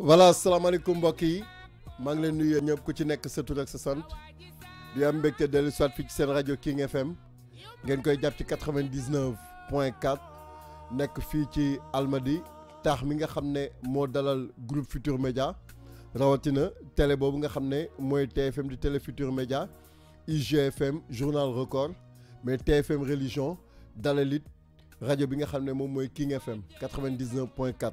voilà alaykum mbokk yi maa ngi leen nuyu ñëpp ku ci nekk sa tur ak sa sant di am mbégte dellu soit ci seen rajo King FM ngeen koy jàpp ci 99.4 nekk fii ci Almadi taax mi nga xam ne dalal groupe Futur Media rawatina télé boobu nga xam ne TFM di télé Futur Media IGFM journal record mais TFM religion dalalit rajo bi nga xam ne moom King FM 99.4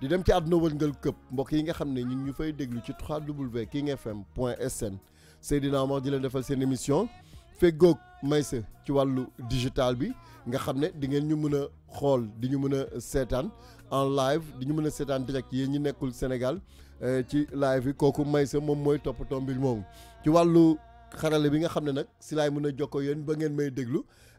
di dem ci àdduna wërngal këpp mbokk yi nga xam ne ñu ñu fay déglu ci www.kingfm.sn Seydina Omar di leen defal seen émission feggoog Maysa ci wàllu digital bi nga xam ne di ngeen ñu mën a xool di ñu mën a seetaan en live di ñu mën a seetaan direct yéen ñi nekkul Sénégal eh, ci live yi kooku Maysa moom mooy toppatoo mbir moomu ci wàllu xarale bi nga xam ne nag si laay mën a jokkoo yéen ba ngeen may déglu.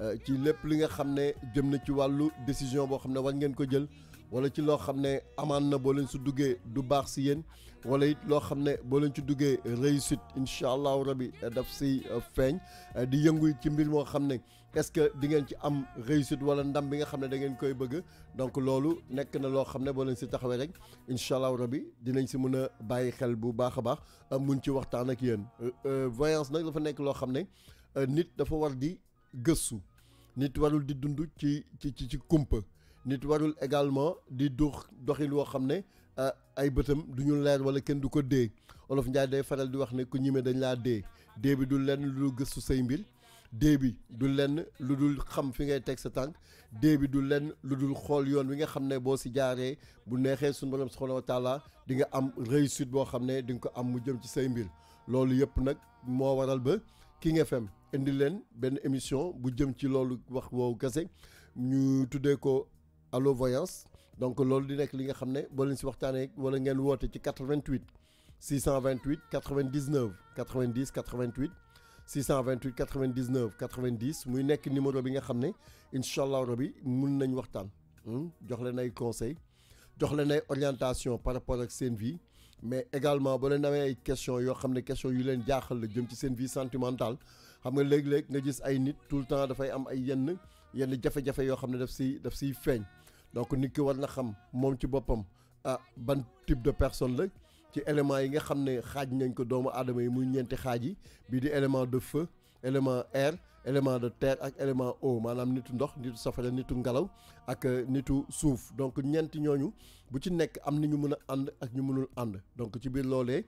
Euh, ci lépp li nga xam ne jëm na ci wàllu décision boo xam ne war ngeen ko jël wala ci loo xam ne amaan na boo leen si duggee du baax si yéen wala it loo xam ne boo leen ci duggee réussite incha allahu rabi euh, daf si euh, feeñ di yëngu ci mbir moo xam ne est-ce que di ngeen ci am réussite wala ndam bi nga xam ne da ngeen koy bëgg donc loolu nekk na loo xam ne boo leen si taxawee rek incha allahu rabi dinañ si mën a bàyyi xel bu baax a baax mun ci waxtaan ak yéen voyance nag dafa nekk loo xam ne dafa war di. gëstu nit warul di dund ci ci ci ci kumpa nit warul également di dox doxin woo xam ne ah, ay bëtam du ñu leer wala kenn du ko dee olof Njaay day faral di wax ne ku ñime dañ laa dee dee bi du lenn lu dul gëstu say mbir dée bi du lenn lu dul xam fi ngay teg sa tànk dee bi du lenn lu dul xool yoon wi nga xam ne boo si jaaree bu neexee suñu borom subhaanahu wa taala di nga am réussite boo xam ne di nga ko am mu jëm ci say mbir loolu yëpp nag moo waral ba ki FM indi leen benn émission bu jëm ci loolu wax woowu kese ñu tuddee ko allo voyance donc loolu di nekk li nga xam ne boo leen si waxtaanee wala ngeen woote ci 88 628 99 90 88 628 99 90 muy nekk numéro bi nga xam ne incha rabi mun nañ waxtaan hmm? jox leen ay conseil. jox leen ay orientation par rapport ak seen vie mais également boo leen amee ay questions yoo xam ne questions yu leen jaaxal la jëm ci seen vie sentimentale xam nga léeg-léeg nga gis ay nit tout le temps dafay am ay yenn yenn jafe-jafe yoo xam ne daf si daf siy feeñ donc nit ki war na xam moom ci boppam ah ban type de personne la ci éléments yi nga xam ne xaaj nañ ko doomu aadama yi muy ñeenti xaaj yi bii di élément de feu élément air élément de terre ak élément eau maanaam nitu ndox nitu safara nitu ngelaw ak euh, nitu suuf donc ñeenti ñooñu bu ci nekk am na ñu mën a ànd ak ñu mënul ànd donc ci biir loolee.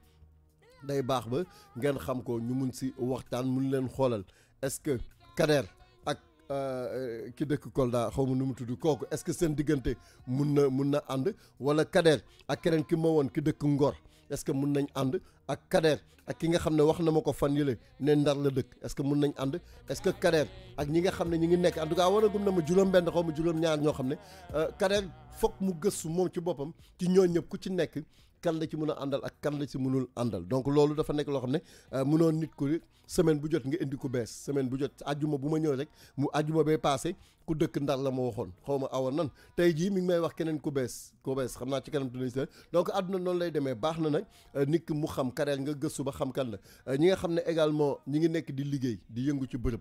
day baax ba ngeen xam ko ñu mun si waxtaan mun leen xoolal est-ce que Kader ak euh, ki dëkk Kolda xaw ma nu mu tudd kooku est-ce que seen diggante mun na mun na ànd wala Kader ak keneen ki ma woon ki dëkk Ngor est-ce que mun nañ ànd ak Kader ak ki nga xam ne wax na ma ko fan yële ne Ndar la dëkk est que mun nañ ànd est-ce que Kader ak ñi nga xam ne ñi ngi nekk en war a waragum na ma juróom-benn xaw ma juróom-ñaar ñoo xam ne euh, Kader foog mu gëstu moom ci boppam ci ñoo ñëpp ku ci nekk. kan la ci mun a àndal ak kan la ci mënul àndal donc loolu dafa nekk loo xam ne euh, mënoon nit ku semaine bu jot nga indi ku bees semaine bu jot ajjuma bu ma ñëw rek mu ajjuma bee paase ku dëkk ndar la ma waxoon xaw ma awoon nan tey jii mi ngi may wax keneen ku bees ku bees xam naa ci kanam dinañ si donc àdduna noonu lay demee baax na nag euh, nit ki mu xam carrière nga gëstu ba xam kan la euh, ñi nga xam ne également ñi ngi nekk di liggéey di yëngu ci bërëb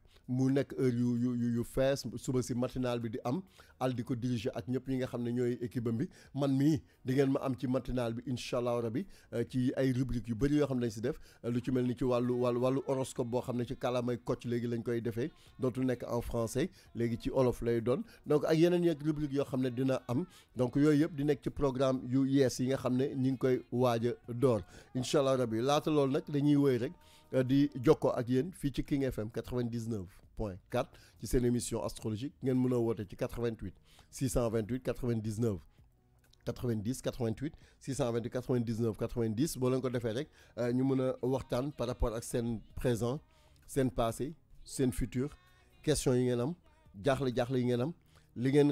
mu nekk heure yu yu yu fees suba si matinal bi di am al di ak ñëpp ñi nga xam ne ñooy équipe bi man mii di ngeen ma am ci matinal bi incha allah rabi euh, ci ay rubrique yu bëri yoo xam ne dañ si def lu ci mel ni ci wàllu wàllu wàllu horoscope boo xam ne ci kàllaamay Kocc léegi lañ koy defee dootul nekk en français léegi ci olof lay doon donc ak yeneen yeeg rubrique yoo xam ne dina am donc yooyu yëpp di nekk ci programme yu yees yi nga xam ne ñi ngi koy waaj a door allah rabi laata loolu nag dañuy wëy rek euh, di jokkoo ak yéen fii ci King FM 99. point 4 ci seen émission astrologique ngeen mën ci 88 628 99 90 88 628 99 90 Nous leen ko defee rek euh, ñu waxtaan par rapport ak scène présent seen passé seen futur question yi ngeen am jaaxle jaaxle yi ngeen am li ngeen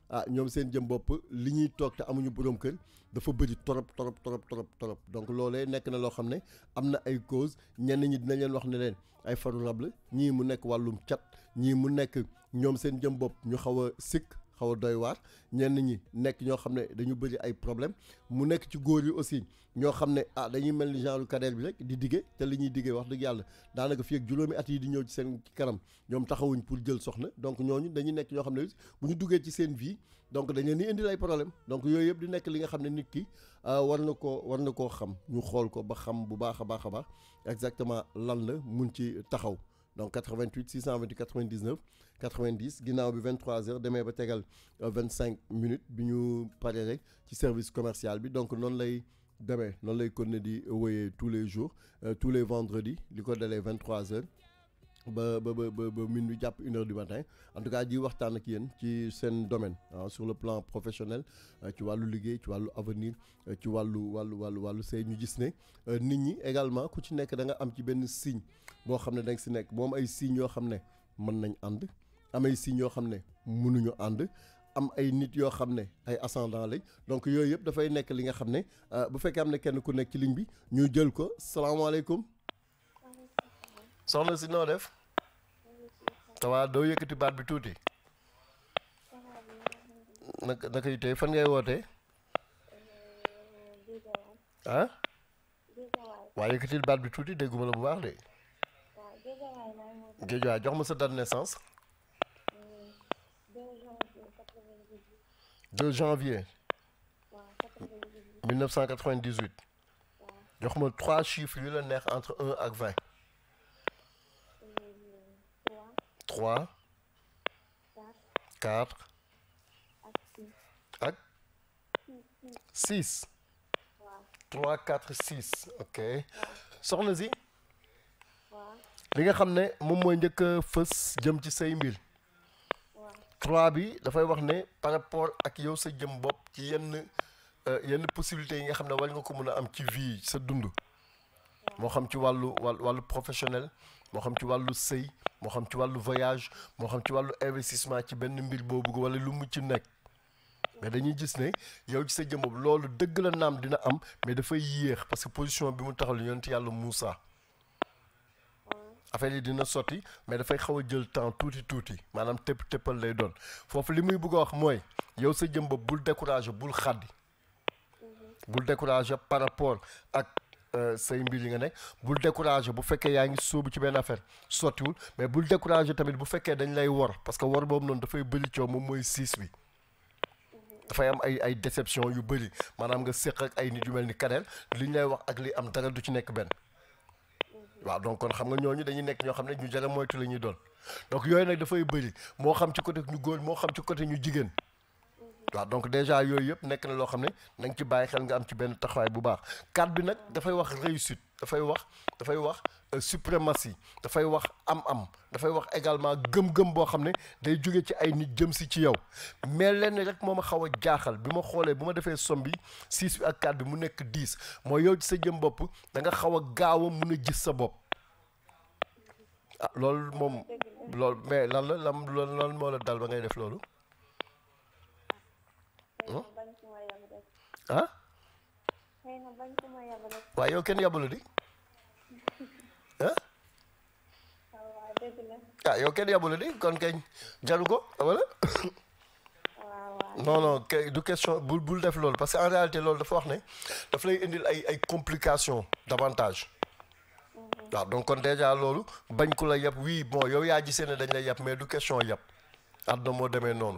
ah ñoom seen jëm bopp li ñuy toog te amuñu boroom kër dafa bëri torop torop torop torop torop donc loole nekk na loo xam ne am na ay cause ñenn ñi dina leen wax ne leen ay faru ñii mu nekk wàllum cat ñii mu nekk ñoom seen jëm bopp ñu xaw a sikk xaw a waar ñenn ñi nekk ñoo xam ne dañu bëri ay problème mu nekk ci góor yi aussi ñoo xam ne ah dañuy mel ni genre carrière bi rek di diggee te li ñuy diggee wax dëgg yàlla daanaka fii ak juróomi at yi di ñëw ci seen kanam ñoom taxawuñ pour jël soxna donc ñoo ñu dañuy nekk ñoo xam ne bu ñu duggee ci seen vie donc dañu leen indil ay problème donc yooyu yëpp di nekk li nga xam ne nit ki ah, war na koo war na koo xam ñu xool ko ba xam bu baax a baax a baax exactement lan la mun ci taxaw donc 88 628 99 90 ginaaw bi 23h demé ba tégal 25 euh, minutes bi ñu paree rek ci service commercial bi donc non lay demé non lay kon di tous les jours euh, tous les vendredis liko ko 23h. ba ba ba ba minuit japp une heure du matin en tout cas di waxtaan ak yeen ci sen domaine hein, sur le plan professionnel euh, ci walu liggéey ci walu avenir ci walu walu walu walu sëy ñu gis né nit ñi également ku ci nekk da nga am ci benn signe bo xamné ne da nga ci nekk moom ay signe, yo xamné mën nañ and amay si ñoo xam ne mënuñu ànd am ay nit yoo xam ne ay ascendant lañ donc yooyu yëpp dafay nekk li nga xam ne euh, bu fekkee am ne kenn ku nekk ci ligne bi ñu jël ko salaamaaleykum. soxna si noo def. waaw doo yëkkati baat bi tuuti. naka naka fan ngay wootee. Hein? ah. waa baat bi tuuti dégguma la bu baax de. géej jox ma sa date naissance. 2 janvier 1998 Donc trois chiffres yu entre un et vingt trois 4 6 six trois quatre six ok soxna y li nga xam ne moom que que trois bi dafay wax ne par rapport ak yow sa jëm bopp ci yenn euh, yenn possibilités yi nga xam ne war nga ko mën a am ci vie sa dund moo xam ci wàllu wàllu professionnel moo xam ci wàllu sëy moo xam ci wàllu voyage moo xam ci wàllu investissement ci benn mbir boo bëgg wala lu mu ci nekk mais dañuy gis ne yow ci sa jëm bopp loolu dëgg la naam dina am mais dafay yéex parce que position bi mu taxaw li yonent yàlla musa affaire yi dina sotti mais dafay xaw a jël temps tuuti tuuti maanaam tëpp tëppal lay doon foofu li muy bëgg wax mooy yow sa jëm ba bul découragé bul xaddi bul découragé par rapport ak say mbir yi nga nekk bul découragé bu fekkee yaa ngi sóobu ci benn affaire sottiwul mais bul découragé tamit bu fekkee dañ lay wor parce que wor boobu noonu dafay bëri coow moom mooy siis bi dafay am ay ay déception yu bëri maanaam nga séq ak ay nit yu mel ni kaneel li ñu lay wax ak li am dara du ci nekk benn waaw donc kon xam nga ñooñu dañuy nekk ñoo xam ne ñu jara moytu la ñuy doon donc yooyu nag dafay bëri moo xam ci côté ñu góor moo xam ci côté ñu jigéen waa donc déjà yooyu yëpp nekk na loo xam ne na ci bàyyi xel nga am ci benn taxawaay bu baax kat bi nag dafay wax réussite dafay wax dafay wax suprématie dafay wax am-am dafay wax également gëm-gëm boo xam ne day jóge ci ay nit jëm si ci yow mais lenn rek moo ma xaw a jaaxal bi ma xoolee bu ma defee somme bi six ak quatre bi mu nekk diis mooy yow ci sa jëm bopp da nga xaw a gaaw a mun a gis sa bopp ah loolu moom. loolu mais lan la lan lan moo la dal ba ngay def loolu. Hmm? ah. waaye yow kenn yabalu di. ah. waaw ah yow kenn yabul di kon kañ jaru ko wala. non non du question bul bul def loolu parce que en réalité loolu dafa wax ne daf lay indil ay ay complications davantage. waaw donc kon déjà loolu bagn kou la yab oui bon yow ya gisee dañ lay yab mais du question yab àdduna mo démé noonu.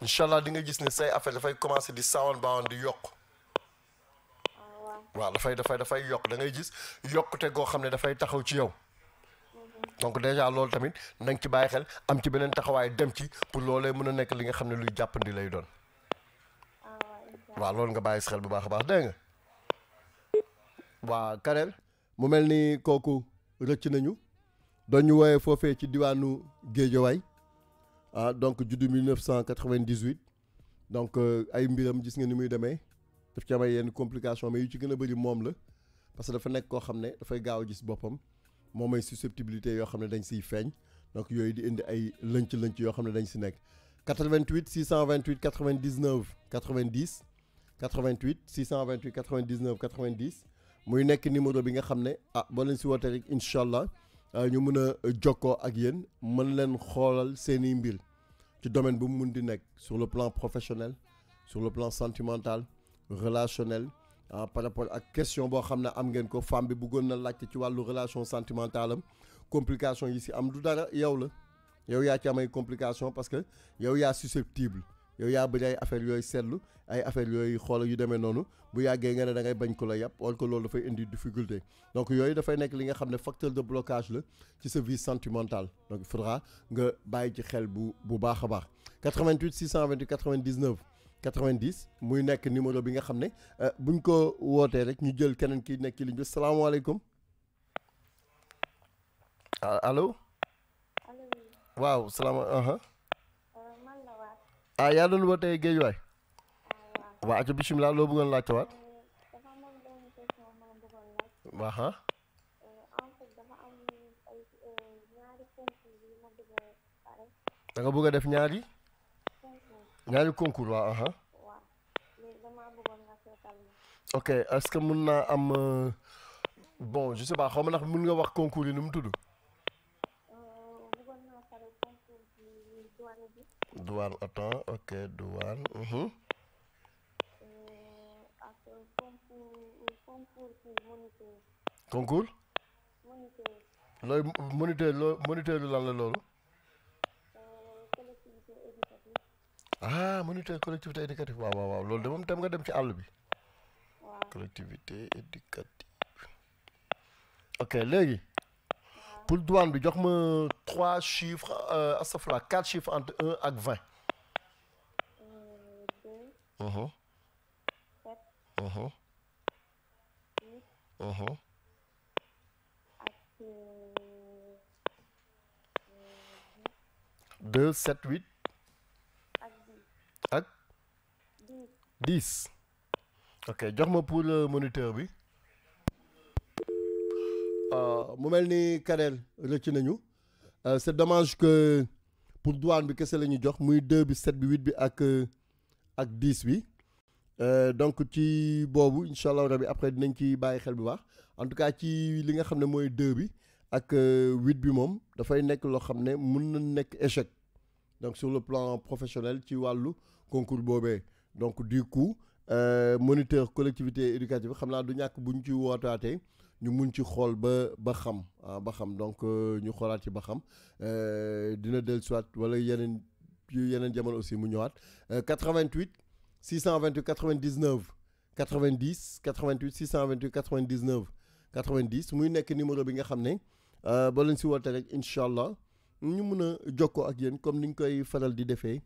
incha allah di nga gis ne say affaire dafay commencé di saawan baawan di yokk oh, waaw dafay dafay dafay yokk da ngay gis yokkute goo xam ne dafay taxaw ci yow mhm. donc déjà loolu tamit na nga ci bàyyi xel am ci beneen taxawaay dem ci pour loolee mën a nekk li nga xam ne luy jàppandi lay doon oh, waaw loolu nga bàyyi si xel bu baax a baax dégg nga waa kareel mu mel ni kooku rëcc nañu doon ñu woowee foofee ci diwaanu Géejawaay ah donc du 1998 donc euh, ay mbiram gis nga ni muy démé ci complication mais yu ci gëna a mom la parce que dafa nekk koo xam ne dafay gaaw a gis bopam momay susceptibilité yo xamné dañ ci donc yoy di indi ay lënc-lënc yo xamné ne dañ ci nek 88 628 99 90 88 628 99 90 muy nek numéro bi nga xamné ah bo leen ci wootee rek ah, ñu mëna a ak yéen mën leen xolal seeni mbir ci domaine bu mu sur le plan professionnel sur le plan sentimental relationnel ah, par rapport la question de la am ngeen ko femme bi bëggoon na laajte ci relation sentimentale am complication yi si am du dara yow la yow yaa ci am complication parce que yow yaa susceptible yow yaa bëgg ay affaire yooyu seetlu ay affaire yooyu xoola yu demee noonu bu yàggee nga ne da ngay bañ ko la yàpp wala ko loolu dafay indi difficulté donc yooyu dafay nekk li nga xam ne facteur de blocage la ci sa vie sentimentale donc il faudra nga bàyyi ci xel bu bu baax a baax 88 628 99 90 muy nekk numéro bi nga xam ne euh, buñ ko wootee rek ñu jël keneen ki nekk ci ligne bi salaamaaleykum allo. Ah, waaw salaam. Uh-huh. ah yaa doon wootee géej waay waa aca bisimilah loo bëggoon laajte waat waaxa da nga bëgg a def ñaari ñaari concours waaw aha ok est-ce que mën naa am euh, bon je pas xaw ma ndax mun nga wax concours yi nu mu tudd dual Oto, oke okay, dual uh -huh. Monitor. Monitor, monitor loo moniteur lo la loolu ah monitor collectivité éducative wow wow wow lo de moom tam nga ci àll bi collectivité éducative pour le douane, il y a chiffres, euh, à 4 chiffres entre 1 et 20. 2, 7, 8. Ak 10. Uh-huh. Uh-huh. Uh-huh. Ak 10. Euh, euh, ok, donne-moi pour le moniteur, oui. Euh, mu mel ni Kanel rëcc nañu euh, c'est dommage que pour douane bi kese la jox muy 2 bi 7 bi 8 bi ak euh, ak 10 bi donc ci boobu incha allah rabi après dinañ ci bàyyi xel bu baax en tout cas ci li nga xam 2 bi ak 8 bi moom dafay nekk loo xam ne mën na échec donc sur le plan professionnel ci wàllu concours Bobé. donc du coup moniteur collectivité éducative xam naa du ñàkk bu ñu ci wootaatee ñu mun ci xool ba ba xam ah, ba xam donc euh, ñu xoolaat ci ba xam euh, dina del siwaat wala yeneen yeneen jamono aussi mu ñëwaat 88 628 99 90 88 628 99 90 muy nekk numéro bi nga xam ne euh, ba leen si woote rek incha allah ñu mun a jokkoo ak yéen comme ni ñu koy faral di defee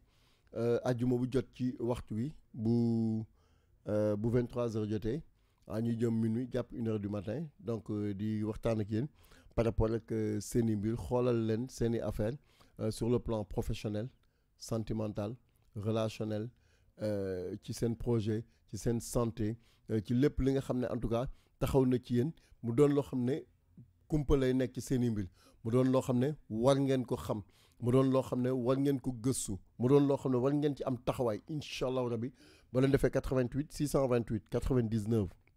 ajjuma bu jot ci waxtu wi bu bu 23h jotee à ah, ñu minuit jàpp une heure du matin donc euh, di waxtaan ak yéen par rapport ak euh, seen mbir xoolal len seen affaire euh, sur le plan professionnel sentimental relationnel ci seen projet ci seen santé ci lepp li nga xam en tout cas taxaw na ci yéen mu doon lo xam ne kumpa lay nekk ci seen mbir mu doon lo xam ne war ngeen ko xam mu doon lo xam ne war ngeen ko geussu mu doon lo xam ne war ngeen ci am taxaway inshallah allahu rabi ba leen defee 88 628 99.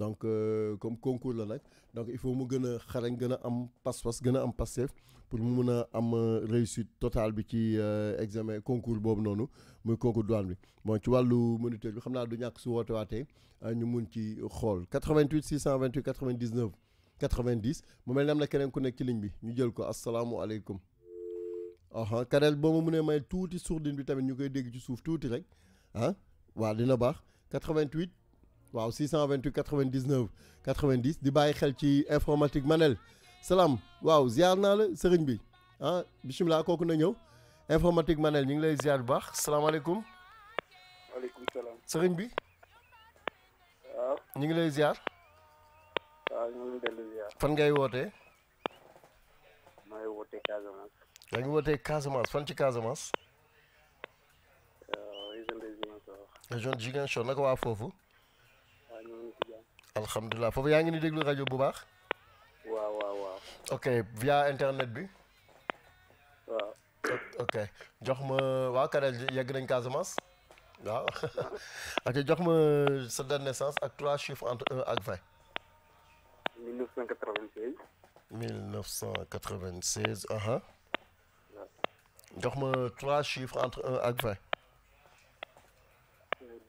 donc euh, comme concours la nag donc il faut mu gën a xarañ am pas-pas gën am pour mu mun am euh, réussite totale bi ci euh, examen concours boobu noonu muy concours douane bi bon ci walu moniteur bi xam du ñak su woote waatee ñu mun ci xol 88 628 99 90 mu mel am na keneen ku nekk ci ligne bi ñu jël ko asalaamualeykum aha Karel bo ma mënee may touti sourdine bi tamit ñu koy dégg ci suuf touti rek ah wa dina bax 88 waaw 628 99 90 di informatique manel Salam. waaw ziar naa la sëriñ bi ah informatique manel ñu ngi lay Salam bu baax salaamaaleykum. salaam. sëriñ bi. waaw lay ziar. waaw ñu ngi dellu ziar. fan ngay wootee. may Casamance. Casamance fan ci Casamance. région de Ziguinchor. région de Ziguinchor naka alhamdulilah foofu yaa ngi ni déglu rajo bu baax waaw waaw waaw ok via internet bi waaw ok jox ma waaw kareel yegg nañ casamance waaw ok jox ma sa de naissance ak trois chiffres entre 1 ak 20 1996 uh-huh. jox ma trois chiffres entre 1 ak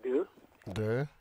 20 2 2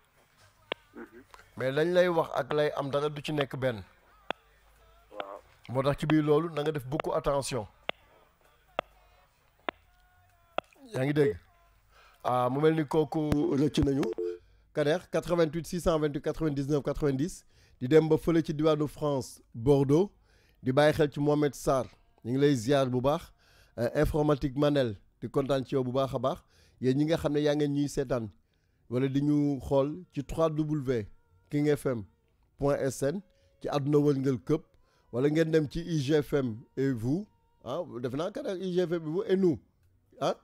mais lañ lay wax ak lay am dara du ci nekk benn. waaw moo tax ci biir loolu na nga def beaucoup attention. yaa ngi dégg ah mu mel ni kooku rëcc nañu Kader 88 622 99 90 di dem ba fële ci diwaanu France Bordeaux di bàyyi xel ci Mohamed sar ñu ngi lay ziar bu baax euh, informatique Manel di kontaan ci yow bu baax a baax yéen ñi nga xam ne yaa ngeen ñuy seetaan wala di ñu xool ci 3W kingfm.sn qui a donné ci wala ngeen dem igfm et vous ah def igfm et vous et nous ah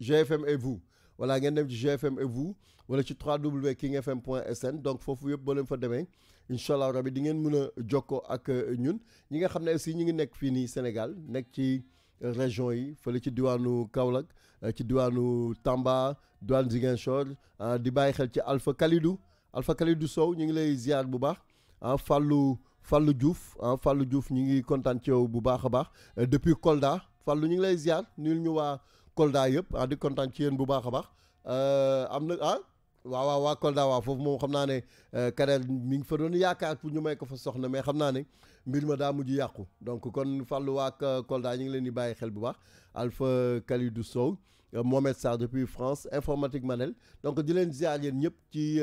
gfm et vous voilà ngeen dem ci gfm et vous wala ci 3w donc fofu yeb bo leen fa demee Inshallah, di ngeen a ak euh, ñun ñi nga aussi ñi ngi Sénégal ci euh, région yi fele ci diwaanu Kaolack euh, ci diwaanu Tamba diwaan zigenchor ah, di bàyyi xel ci Alpha Kalidou Alpha du Sow ñu ngi lay ziar bu baax ah Fallou Fallou Diouf ah Fallou ñu ngi kontaan ci yow bu baax a baax euh, depuis Kolda Fallou ñu ngi lay ziar nuyul ñu waa Kolda yëpp ah, di kontaan ci yéen bu baax a baax euh, am na ah waaw waaw waa Kolda waaw foofu moom xam naa ne euh, Karel mi ngi fa doon yaakaar pour ñu may ko fa soxna mais xam naa ne mbir ma daa mujj yàqu donc kon Fallou waa Kolda ñu ngi leen di bàyyi xel bu baax Alpha du Sow Mohamed Sarr depuis France informatique Manel donc di leen ziar yéen ñëpp ci.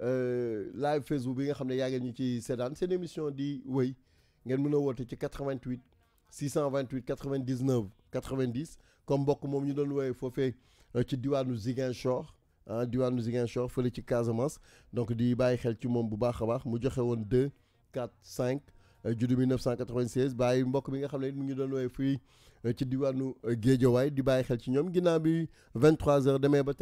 Euh, live Facebook bi nga xam ne yaa ngeen ñu ci seetaan seen émission di wéy ngeen mën a ci 88 628 99 90 comme mbokk moom ñu doon foofee euh, ci diwaanu Ziguinchor ah Ziguinchor fële ci Casamance donc di bàyyi xel ci moom bu baax a baax mu joxe woon 2 4 5 du 1996 bàyyi mbokk bi nga xam mu ngi doon fii euh, ci diwaanu di xel ci bi 23h demee ba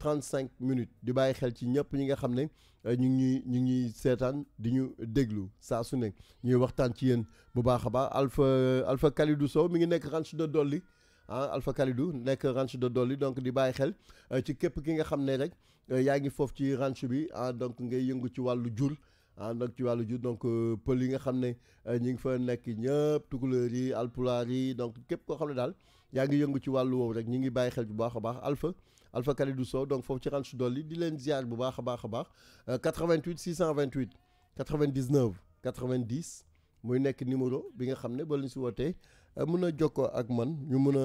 35 minutes di bàyyi xel ci ñëpp ñi nga xam ne euh, ñu ngi ñuy ñu ngi seetaan di ñu déglu saa su ne ñuy waxtaan ci yéen bu baax a baax Alpha Alpha Kalidou Sow mi ngi nekk ranch de dolli ah Alpha Kalidou nekk ranch de dolli donc di bàyyi xel euh, ci képp ki nga xam ne rek euh, yaa ngi foofu ci ranch bi ah donc ngay yëngu ci wàllu jur ah donc ci wàllu jur donc pël yi nga xam ne ñi ngi fa nekk ñëpp tukulóor yi alpulaar yi donc képp koo xam ne daal yaa ngi yëngu ci wàllu woowu rek ñi ngi bàyyi xel bu baax a baax Alpha Alpha Kalidou Sow donc foofu ci ranch dolli di leen ziar bu 88 628 99 90 muy nek numéro bi nga xam ne ba lañ si wootee Joko euh, a jokkoo ak man ñu mën a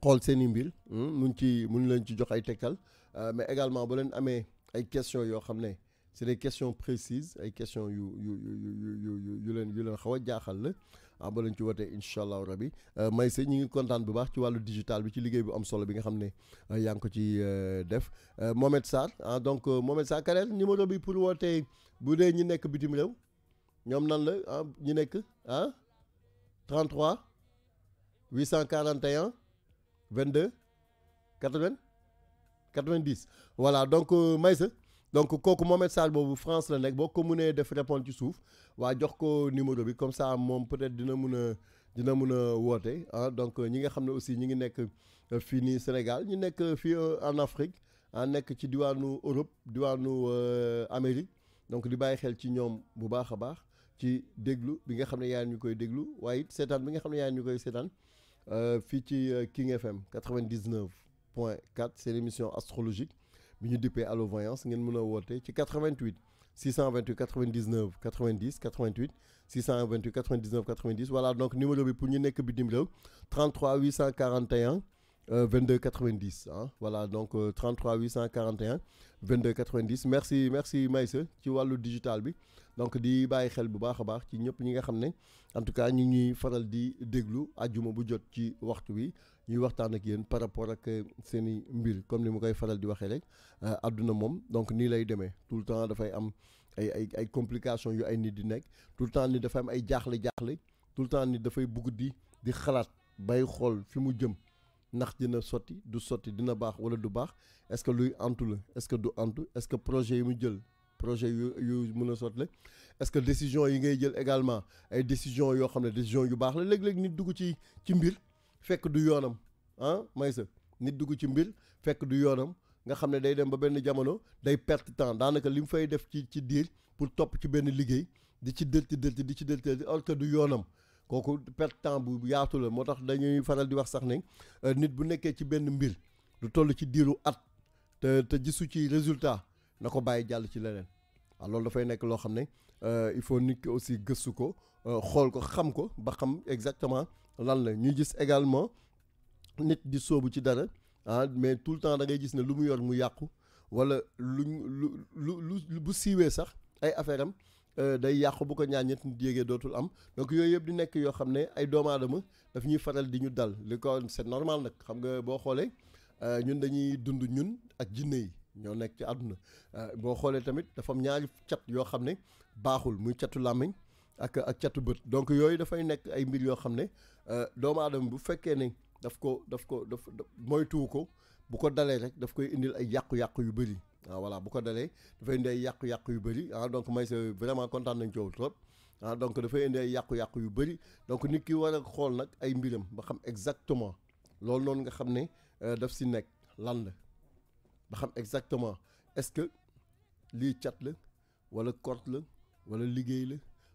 xool seen i mbir hmm, ci ci jox ay euh, mais également ba leen amee ay questions yoo c'est des questions précises ay questions yu yu yu yu yu yu leen yu leen jaaxal la ah ba lañ ci wootee inshallah allahu rabi euh, may sa ñi ngi kontaan bu baax ci walu digital bi ci liggéey bu am solo bi nga xamné ne euh, ko ci euh, def Mohamed Sarr ah donc Mohamed Sarr Karel numéro bi pour wootee bu dé ñi nek bitim rew ñom nan la ah, ñi nek hein 33 841 22 80 90 voilà donc Maysa donc comment Mohamed Sall France la def répondre ci numéro comme ça peut-être dina vous dina en Europe, ah. donc ñi nga aussi ñi ngi euh, Sénégal ñu sommes euh, euh, en Afrique ah, en ci Europe Amérique donc di baye xel ci bu baax ci déglu bi nga King FM 99.4, c'est l'émission astrologique bi dippé à Allo Voyance ngeen mën ci 88 628 99 90 88 628 99 90 voilà donc numéro bi pour ñu nekk bitim 33 841 22 90 voilà donc 33 841 22 90 merci merci tu ci le digital bi donc di bàyyi xel bu baaxa baax ci ñëpp ñi nga xamné en tout cas ñu faral di déglu aljuma bu jot ci waxtu bi ñuy waxtaan ak yéen par rapport ak euh, seeni mbir comme ni ma koy faral di waxee rek euh, àdduna moom donc nii lay demee tout le temps dafay am ay ay ay complications yu ay nit di nekk tout le temps ni dafay am ay jaaxle jaaxle tout le temps ni dafay bugg di di xalaat bay xool fi mu jëm ndax dina sotti du sotti dina baax wala du baax est-ce que luy antu la est-ce que du antu est-ce que projet yi mu jël. projet yu yu mën a sotle est-ce que décision yi ngay jël également ay décision yoo xam ne décision yu baax la léeg-léeg nit dugg ci ci fekk du yoonam ah may sa dugg ci mbir fekk du yoonam nga xam ne day dem ba benn jamono day perte temps daanaka li mu fay def ci ci diir pour topp ci benn liggéey di ci dëlti dëlti di ci dëlti dëlti alors du yoonam kooku perte temps bu yaatu la moo tax dañuy faral di wax sax ne euh, nit bu nekkee ci benn mbir du toll ci diiru at te te gisu ci résultat na ko bàyyi jàll ci leneen waaw loolu dafay nekk loo xam ne euh, il faut nit ki aussi gësu ko euh, xool ko xam ko ba xam exactement lan la ñuy gis également nit di soobu ci dara ah mais tout le temps da ngay gis ne lu mu yor mu yàqu wala lu ñu lu lu lu bu siiwee sax ay affaire am euh, day yàqu bu ko ñaar ñett nit yéegee dootul am donc yooyu yëpp di nekk yoo xam ne ay doomu aadama daf ñuy faral di ñu dal li ko c'est normal nag xam nga boo xoolee euh, ñun dañuy dund ñun ak jinne yi ñoo nekk ci àdduna euh, boo xoolee tamit dafa am ñaari cat yoo xam ne baaxul muy catu làmmiñ ak ak catu bët donc yooyu dafay nekk ay mbir yoo xam ne euh, doomu aadama bu fekkee ne daf ko daf ko daf moytuwu ko bu ko dalee rek daf koy indil ay yàqu-yàqu yu bëri ah, voilà bu ko dalee dafay indi ay yàqu-yàqu yu bëri ah donc may sa kontaan nañ ci yow trop ah, donc dafay indi yàqu-yàqu yu bëri donc nit ki war a xool nag ay mbiram ba xam exactement loolu noonu nga xam ne euh, daf si nekk lan la ba xam exactement est-ce que lii cat la wala kort la wala liggéey la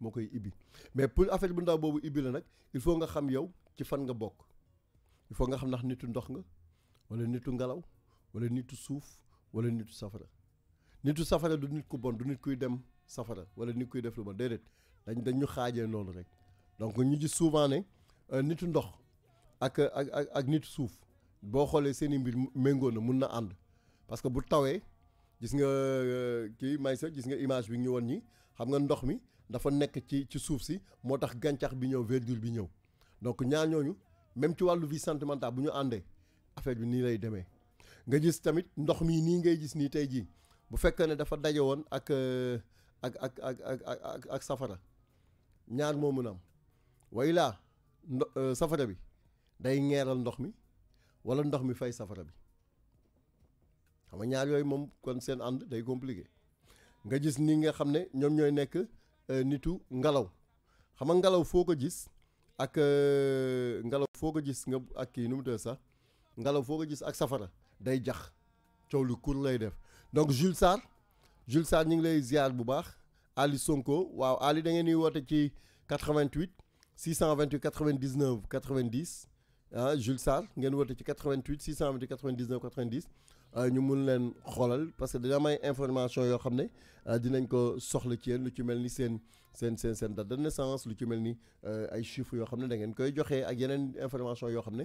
moo koy ibbi mais pour affaire bu ndaw boobu ibbi la nag il faut nga xam yow ci fan nga bokk il faut nga xam ndax nitu ndox nga wala nitu ngelaw wala nitu suuf wala nitu safara nitu safara du nit ku bon du nit kuy dem safara wala nit kuy def lu bon déedéet dañ dañu xaaje loolu rek donc ñu gis souvent ne euh, nitu ndox ak ak ak ak suuf boo xoolee seen i mbir méngoon na mun na ànd parce que bu tawee gis nga euh, kii may sa gis nga image bi ñu woon ñi xam nga ndox mi dafa nekk ci ci suuf si moo tax bi verdure donc ñaar ñooñu même ci wàllu vie sentimentale bu ñu àndee affaire bi nii lay demee nga gis tamit ndox mi ngay gis bu euh, ak ak ak ak ak safara ñaar moo euh, safara bi day ndox mi wala ndox mi fay safara bi xam ñaar yooyu kon seen compliqué nga gis nga Euh, nitu ngelaw xam nga ngelaw foo ko gis ak euh, ngelaw foo ko gis nga ak kii nu mu tudd sax ngelaw foo ko gis ak safara day jax coow lu kur lay def donc Jules Sarr Jules Sarr ñu ngi lay ziar bu baax Ali Sonko waaw Ali da ngeen di ci 88 628 99 90 ah Jules Sarr ngeen woote ci 88 628 99 90 Euh, ñu mun leen xoolal parce que dina am ay information yoo xam ne euh, dinañ ko soxla ci yéen lu ci mel ni seen seen seen seen date de naissance lu ci mel ni euh, ay chiffres yoo xam ne da ngeen koy joxe ak yeneen information yoo xam ne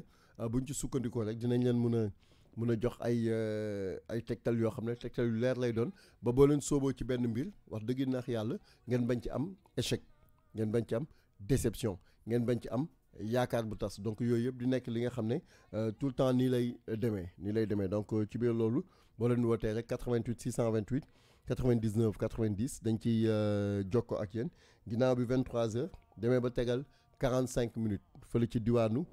buñ ci sukkandikoo rek dinañ leen mun a mun a jox ay ay tegtal yoo xam ne tegtal yu leer lay doon ba boo leen sooboo ci benn mbir wax dëgg naax yàlla ngeen bañ ci am échec ngeen bañ ci am déception ngeen bañ ci am yaakaar bu tas donc yooyu yëpp di nekk li nga xam ne euh, tout le temps nii lay demee nii lay demee donc euh, ci biir loolu boo leen wootee rek 88 628 99 90 dañ ciy euh, jokkoo ak yéen ginnaaw bi 23h demee ba tegal 45 minutes fële ci diwaanu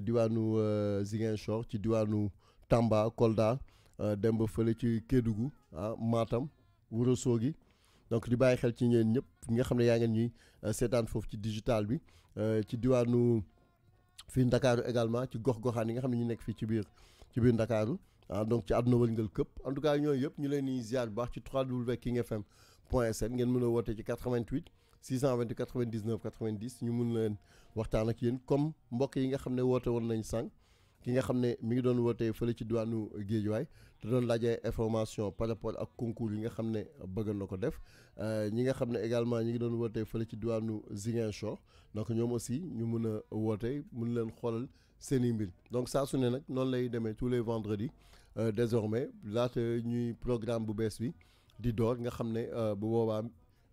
diwaanu Ziguinchor ci diwaanu Tamba Kolda dem ba fële ci Kédougou ah, matam Matam sogui donc di bàyyi xel ci ñeen ñëpp nga xam ne yaa ngeen ñuy seetaan foofu ci digital bi. Euh, ci diwaanu fii Ndakaaru également ci gox-goxaan yi nga xam ne ñu nekk fii ci biir ci biir Ndakaaru ah donc ci àdduna wërngal këpp en tout cas ñooñu yëpp ñu leen di ziar bu baax ci 3W King FM point sn ngeen mën a woote ci 88 628 99 90 ñu mun leen waxtaan ak yéen comme mbokk yi nga xam ne woote woon nañ sànq ki nga xam ne mi ngi doon wootee fële ci diwaanu géej waay da doon information par rapport à concours yi euh, nga xam ne également ñi ngi doon donc nous aussi ñu a woote leen donc ça su ne nag noonu lay tous les vendredis euh, désormais laata ñuy programme bu bi di nga euh,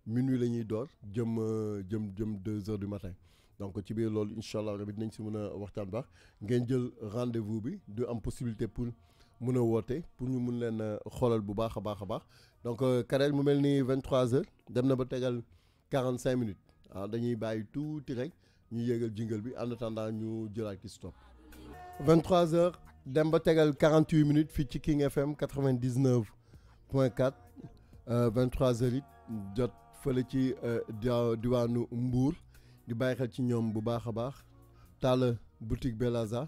minuit 2 heures du matin donc ci biir dinañ rendez-vous bi possibilité pour mën a woote pour ñu mun leen xoolal bu baax a baax donc euh, Karel mu mel ni 23 heures. dem na ba tegal 45 minutes ah dañuy bàyyi tuuti rek ñu yégal jingle bi en attendant ñu jëlaat ki stop. 23 heures, dem ba tegal 48 minutes fii ci King FM 99.4. 23 heures, it jot fële ci euh, diwaanu Mbour di bàyyi xel ci ñoom bu baax a baax boutique Belaza.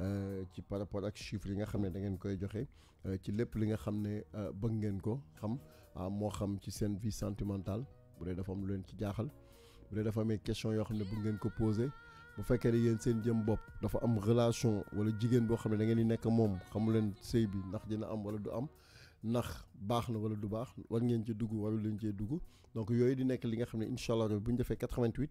Euh, ci par rapport ak chiffres yi nga xam ne da ngeen koy joxe euh, ci lépp li nga xam ne euh, bëgg ngeen ko xam ah, moo xam ci seen vie sentimentale bu dee dafa am lu leen ci jaaxal bu dee dafa amee question yoo xam ne bëgg ngeen ko posé bu fekkee ne yéen seen jëm bopp dafa am relation wala jigéen boo xam ne da ngeen di nekk moom xamu leen sëy bi ndax dina am wala du am ndax baax na wala du baax war ngeen ci dugg warul leen cee dugg donc yooyu di nekk li nga xam ne incha allah bu ñu defee 88.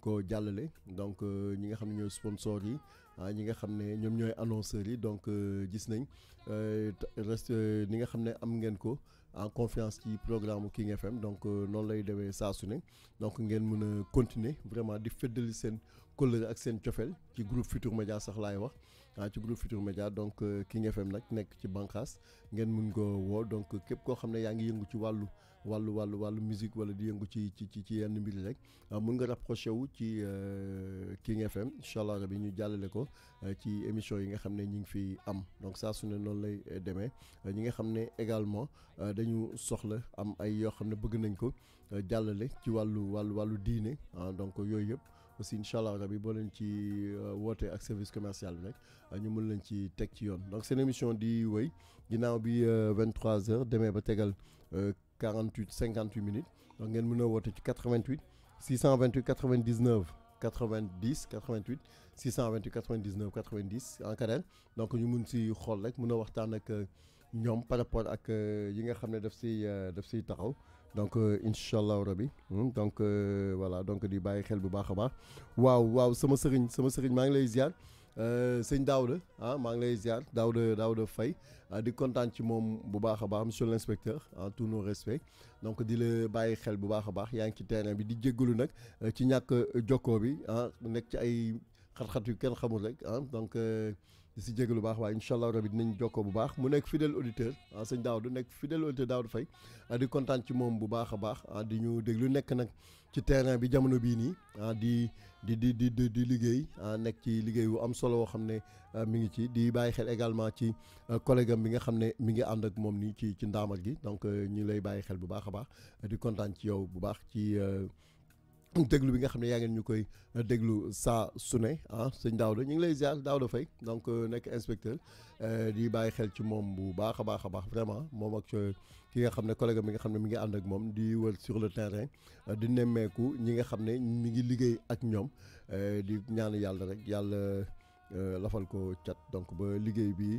ko jàllale donc euh, ñi nga yi donc euh, gis nañ euh, reste nga am en confiance ci programme King FM donc non lay demee saa donc ngeen mën continuer vraiment di feddali seen ak seen ci groupe Futur Média sax laay wax ah, ci groupe Futur Média donc King FM nag nekk ci bànqaas ngeen donc képp koo xam ne yaa yëngu ci wàllu wàllu wàllu musique wala di yëngu ci ci ci yenn mbir yi rek ah, mun nga rapproché wu ci euh, King FM incha allah ñu jàllale ko euh, ci émission yi nga xam ne ñu ngi fi am donc saa su ne noonu lay euh, demee ñi nga xam ne également dañu soxla am ay yoo xam ne bëgg nañ ko jàllale ci wàllu wàllu wàllu diine ah, donc yooyu yëpp. aussi incha rabbi rabi boo leen ci wootee ak service commercial bi rek ñu mën leen ci teg ci yoon donc seen émission di wéy ginnaaw bi 23h demee ba tegal. 48 58 minutes donc ngeen y a ci 88 628 99 90 88 628 99 90 en carré. donc ñu mun ci xol rek mëna a waxtaan ak euh, ñom par rapport ak euh, yi nga xamné daf ci euh, daf ci taxaw donc inshallah Rabbi. Hmm, donc voilà donc di bàyyi xel bu baax a baax waaw waaw sama sëriñ sama sëriñ ma ngi lay ziar. Euh, sëñ Daouda ah maa ngi lay ziar Daouda Daouda Fay ah, di content ci mom bu baax a baax monsieur l'inspecteur en tout nos respect donc di le bàyyi xel bu baax a baax yaa ci terrain bi di djeglu nak euh, ci ñak joko bi ah nekk ci ay xat-xat yu kenn xamul rek ah, donc euh, di djeglu jégalu baax waaye incha allah rabi dinañ joko bu baax mu nek fidèle auditeur ah Daouda nek fidèle auditeur Daouda Fay di content ci mom bu baax a baax di ñu déglu nek nak ci terrain bi jamono bi ni ah, di. di di di di liggéey ah, nekk ci liggéey wu am solo woo xam ne ah, mi ngi ci di bàyyi xel également ci ah, collègue bi nga xam ne mi ngi ànd ak moom nii ci ci ndaamal gi donc euh, ñu lay bàyyi xel bu baax a baax di kontaan ci yow bu baax ci. Euh, déglu bi nga xam ne yaa ngeen ñu koy euh, déglu saa su ne ah sëñ Daouda ñu ngi lay ziar Daouda Faye donc euh, nekk inspecteur euh, di bàyyi xel ci moom bu baax a baax a baax vraiment moom ak ki nga xam ne collègue mi nga xam ne mi ngi ànd ak moom di wër sur le terrain di nemmeeku ñi nga xam ne mi ngi liggéey ak ñoom di ñaan yàlla rek yàlla lafal ko cat donc ba liggéey bi.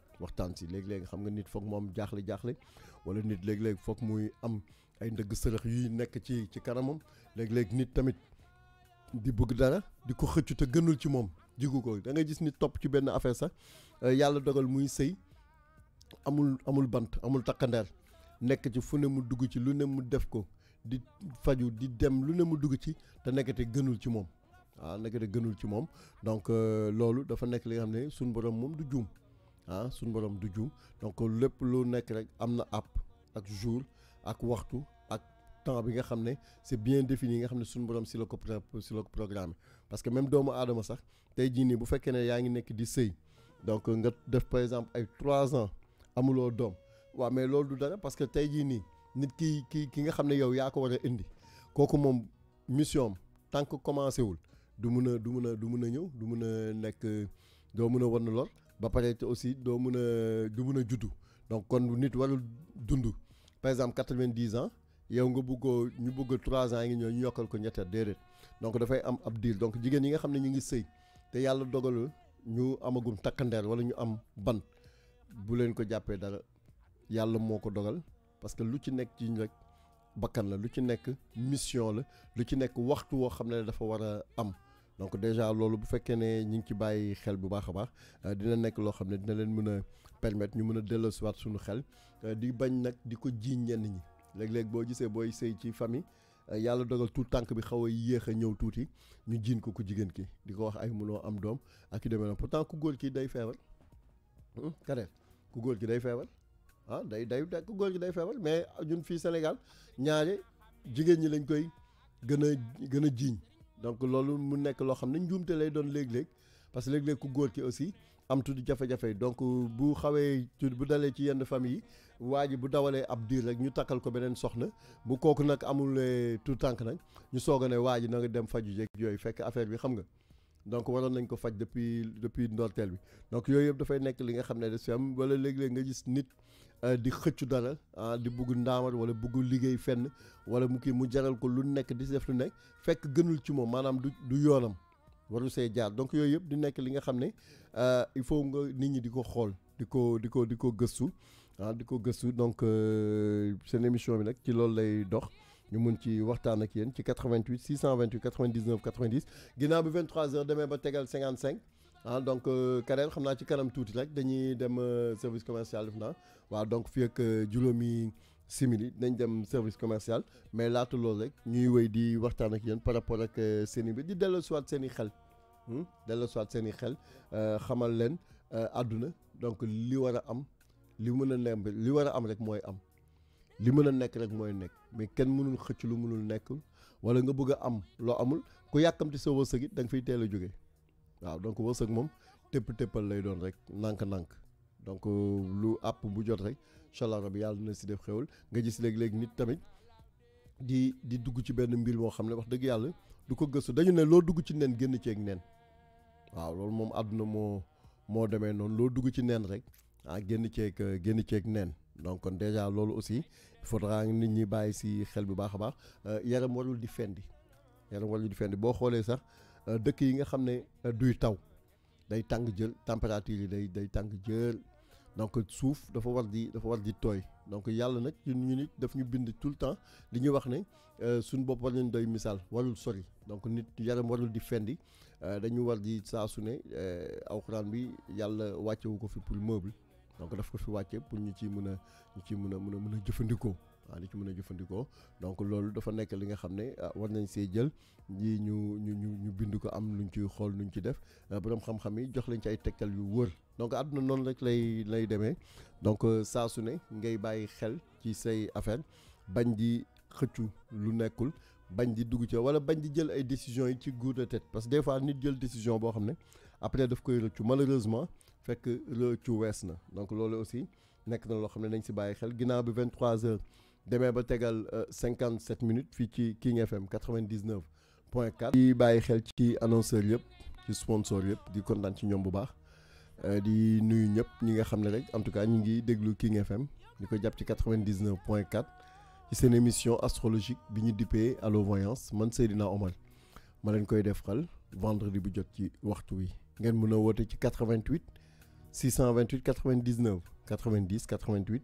waxtaan si léeg-léeg xam nga nit foog moom am jaaxle jaaxle wala nit léeg-léeg foog muy am ay ndëgg sërëx yuy nekk ci ci kanamam léeg-léeg nit tamit di bugg dara di ko xëccu te gënul ci moom jigu ko da ngay gis nit topp ci benn affaire sax euh, yàlla dogal muy sëy amul amul bant amul takkandeer nekk ci fu ne mu dugg ci lu ne mu def ko di faju di dem lu ne mu dugg ci te nekkate gënul ci moom waaw ah, nekkate gënul ci moom donc euh, loolu dafa nekk li nga xam ne suñu borom moom du juum ah sun borom du ju donc lepp lu nek rek amna app ak jour ak waxtu ak temps bi nga xamné c'est bien défini nga xamné sun borom si la si la ko programme parce que même doomu adama sax tay jii nii bu fekkee ne yaa ngi di sëy donc nga def par exemple ay 3 ans amulo dom wa mais lolou du dara parce que tay jii nii nit ki ki ki nga xamné yow ya ko wara indi kooku mom mission am tant que commencé wul du mun du mun du mun a ñëw du mun nek do doo won a lor ba pare aussi doo mun a du mun a juddu donc kon nit warul dund par exemple 90 ans yow nga bëggoo ñu bëgg 3 ans yi ngi ñëw ñu yokkal ko ñetteel déedéet donc dafay am ab diir donc jigéen yi nga xam ne ñu ngi sëy te yàlla dogal ñu amagum takkandeer wala ñu am ban bu leen ko jàppee dara yàlla moo ko dogal parce que lu ci nekk ci rek bakkan la lu ci nekk mission la lu ci nekk waxtu woo xam ne dafa war a am donc déjà loolu bu fekkee ne ñu ngi ci bàyyi xel bu baax a baax euh, dina nekk loo xam ne dina leen mën a permettre ñu mën a delloosiwaat suñu xel euh, di bañ nag di ko jiiñ ñenn ñi léeg-léeg boo gisee booy sëy ci famille euh, yàlla dogal tout tànk bi xaw a yéex a ñëw tuuti ñu jiiñ ko ku jigéen ki di ko wax ay mënoo am doom ak yu demee noonu pourtant ku góor ki day feebar hmm, Kader ku góor ki day feebar ah day day ku góor ki day feebar mais ñun fii Sénégal ñaare jigéen ñi lañ koy gën a gën a jiiñ donc loolu mu nekk loo xam ne njuumte lay doon léeg-léeg parce que léeg-léeg ku góor ki aussi am tudd jafe-jafe donc bu xawee bu dalee ci yenn famille yi waaj bu dawalee ab diir rek ñu takkal ko beneen soxna bu kooku nag amul tout tànk nag ñu soog a ne waa na nga dem faju jeeg yooyu fekk affaire bi xam nga donc waroon nañ ko faj depuis depuis ndorteel bi donc yooyu yëpp dafay nekk li nga xam ne da si am wala léeg-léeg nga gis nit Eh, di xëccu dara ah di bugg ndaamal wala bugg liggéey fenn wala mu kii mu jaral ko lu nekk di def lu nekk fekk gënul ci moom maanaam du du yoonam waru see jaar donc yooyu yëpp di nekk li nga xam ne eh, il faut nga nit ñi di ko xool di ko di ko di ko gëstu ah di ko gëstu donc eh, seen émission bi nag ci loolu lay dox ñu mun ci waxtaan ak yéen ci 88 628 99 90 ginnaaw bi 23h demee ba tegal 55. ah donc euh, Kader xam naa ci kanam tuuti rek dañuy dem euh, service commercial def naa waa donc fii ak euh, juróomi simili dinañ dem service commercial mais laata loolu rek ñuy wéy di waxtaan ak yéen par rapport ak seeni i bi di delloo siwaat seen i xel hmm? delloo siwaat seen i xel xamal leen àdduna donc li war a am li mën a nemb li war a am rek mooy am li mën a nekk rek mooy nekk mais kenn mënul xëcc lu mënul nekk wala nga bëgg a am loo amul ku yàkkamti sa wërsëg it da fiy teel a jóge waaw donc wërsëg moom tépp téppal lay doon rek nànk-nànk donc euh, lu àpp bu jot rek incha allah rabi yàlla na si def xewul nga gis léeg léegi nit tamit di di dugg ci benn mbir moo xam ne wax dëgg yàlla du ko gëstu dañu ne loo dugg ci neen génn ceeg nen waaw loolu moom àdduna moo moo demee noonu loo dugg ci nen rek ah génn ceeg génn ceeg nen donc kon déjà loolu aussi il faudra nit ñi bàyyi si xel bu baax a baax euh, yaram warul di fendi yaram warul di fendi boo xoolee sax. Euh, dëkk yi nga xam ne euh, duy taw day tàng jël température yi day day tàng jël donc suuf dafa war di dafa war di tooy donc yàlla nag ñun ñu nit daf ñu bind tout le temps li ñuy wax ne euh, suñu bopp war nañ day misaal warul sori donc nit yaram warul di fendi dañu war di saa su ne alxuraan bi yàlla wàccewu ko fi pour meuble donc daf ko fi wàcce pour ñu ci mën a ñu ci mun a mun a mun a jëfandikoo ah li ci mën a jëfandikoo donc loolu dafa nekk li nga xam ne ah, war nañ see jël ñi ñu ñu ñu ñu bind ko am luñ ci xool nuñ ci def ah, borom xam-xam yi jox lañ ci ay tegtal yu wër donc àdduna noonu rek lay lay demee donc euh, saa su ne ngay bàyyi xel ci say affaire bañ di xëccu lu nekkul bañ di dugg ci wala bañ di jël ay décision yi ci goût de tête parce que des fois nit jël décision boo xam ne après daf koy rëccu malheureusement fekk rëccu wees na donc loolu aussi nekk na loo xam ne nañ si bàyyi xel ginnaaw bi 23 heures. Demain, ba tégal 57 euh, minutes fi ci King FM 99.4. vingt dix di bàyyi xel ci annonceur yëpp ci sponsor yëpp di kontaan ci ñom bu baax euh, di nuyu ñëpp ñi nga xamne rek en tout cas ñi ngi déglu King FM di ko jàpp ci C'est une émission astrologique bi ñu à Allo Voyance man Seydina Omar ma leen koy xal vendredi bu jot ci waxtu wi ngeen mëna woté ci 88 628 99 90 88.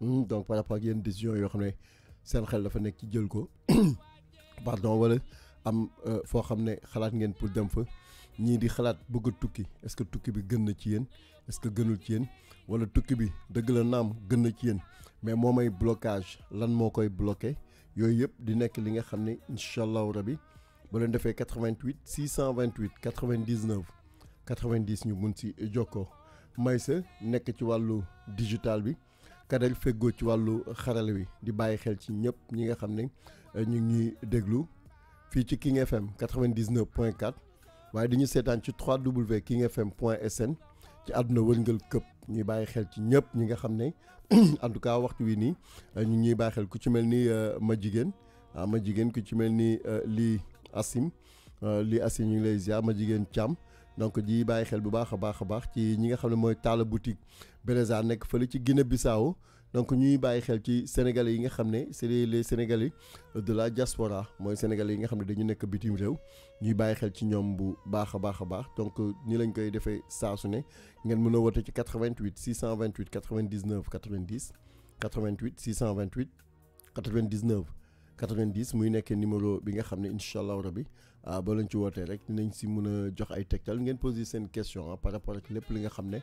Hmm, donc par rapport à une décision yo xamné ne seen xel dafa nek ci jël ko pardon wala am euh, fo xamné ne xalaat ngeen pour dem fa ñi di xalaat bëgg tukki est-ce que tukki bi gën na ci yeen est-ce que gënul ci yeen wala tukki bi deug la naam gën na ci yeen mais momay blocage lan mo koy bloqué yooyu yep, di nek li nga xamné inshallah incha allahu rabi ba 88 628 99 90 ñu mun ci joko may nek ci walu digital bi. kadal fego ci wàllu xarale wi di bàyyi xel ci ñëpp ñi nga xam ne eh, ñu ngi ñuy déglu fii ci King FM 99 point 4 waaye di ñu seetaan ci 3W King FM point sn ci àdduna wërngal këpp ñuy bàyyi xel ci ñëpp ñi nga xam ne en tout cas waxtu wi nii eh, ñu ñuy bàyyi xel ku ci mel ni eh, ma jigéen ah, ma jigéen ku ci mel ni lii Asim lii Asim ñu ngi lay ziar ma jigéen Thiam donc di bàyyi xel bu baax a baax a baax ci ñi nga xam ne mooy taala boutique Bélésard nek fële ci Guinée Bissau donc ñuy bayyi xel ci sénégalais yi nga xamné c'est les sénégalais de la diaspora moy sénégalais yi nga xamné dañu nek bitim rew ñuy bayyi xel ci ñom bu baax a baax donc ni lañ koy défé sa su né ngeen mëna a ci 88 628 99 90 88 628 99 90 muy nekk numéro bi nga xamné inshallah incha allahu rabi ah, ba lañ ci woté rek dinañ ci mëna jox ay tegtal ngeen poser sen question ah, par rapport ak lepp li nga xamné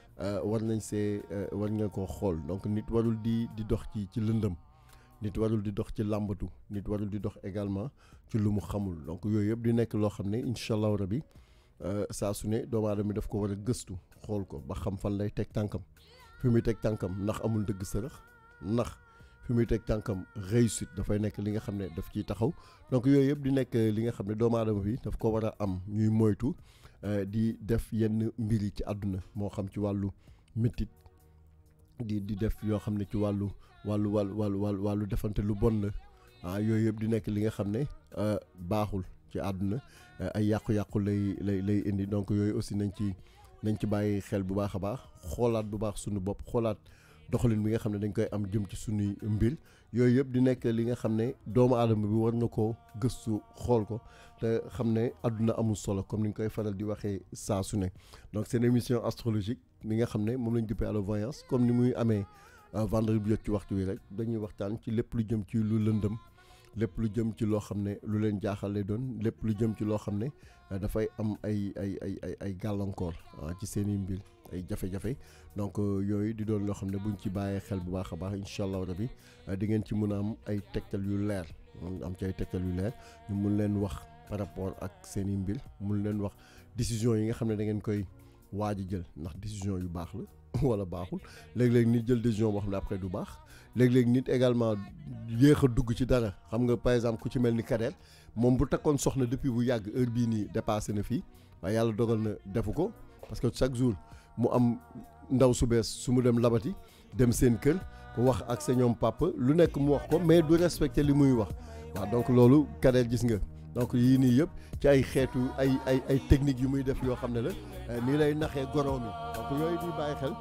Euh, war nañ see euh, war nga ko xool donc nit warul di di dox ci ci lëndëm nit warul di dox ci làmbatu nit warul di dox également ci lu mu xamul donc yooyu yëpp di nekk loo xam ne incha allahu rabi euh, saa su ne doomu aadama daf ko war a gëstu xool ko ba xam fan lay teg tànkam fi muy teg tànkam ndax amul dëgg sërëx ndax fi muy teg tànkam réussite dafay nekk li nga xam ne daf ciy taxaw donc yooyu yëpp di nekk li nga xam ne doomu aadama bi daf ko war a am ñuy moytu. Euh, di def yenn mbir yi ci àdduna moo xam ci wàllu métit di di def yoo xam ne ci wàllu wàllu wàllu wàllu wàllu defante lu bon la ah yooyu yëpp di nekk li nga xam ne euh, baaxul ci àdduna euh, ay yàqu-yàqu lay lay indi donc yooyu aussi nañ ci nañ ci bàyyi xel bu baax a baax xoolaat bu baax sunu bopp xoolaat doxalin bi nga xam ne dañ koy am jëm ci suñuy mbir yooyu yëpp di nekk li nga xam ne doomu aadama bi war na ko gëstu xool ko te xam ne àdduna amul solo comme ni nga koy faral di waxee saa su ne donc seen émission astrologique li nga xam ne moom lañ duppee Allo Voyance comme ni muy amee euh, vendredi bu jot ci waxtu wi rek dañuy waxtaan ci lépp lu jëm ci lu lëndëm lépp lu jëm ci loo xam ne lu leen jaaxal lay doon lépp lu jëm ci loo xam ne euh, dafay am ay ay ay ay ay gàllankoor euh, ci seeni i mbir ay jafe-jafe donc euh, yooyu di doon loo xam ne buñ ci bàyyee xel bu baax a baax incha allahu rabi euh, di ngeen ci mën a am ay tegtal yu leer am ci ay tegtal yu leer ñu mun leen wax par rapport ak seen i mbir mun leen wax décision yi nga xam ne da ngeen koy waaj jël ndax décision yu baax la wala baaxul léeg-léeg nit jël décision boo xam ne après du baax léeg-léeg nit également yéex a dugg ci dara xam nga par exemple ku ci mel ni Kader moom bu takkoon soxna depuis bu yàgg heure bii nii dépassé na fii waaye yàlla dogal na defu ko parce que chaque jour mu am ndaw su bees su mu dem labati dem seen kër wax ak sa ñoom pàpp lu nekk mu wax ko mais du respecter li muy wax waaw donc loolu Kader gis nga donc yii nii yëpp ci ay xeetu ay ay ay techniques yu muy def yoo xam ne la eh, nii lay naxee goroom yi donc yooyu di bàyyi xel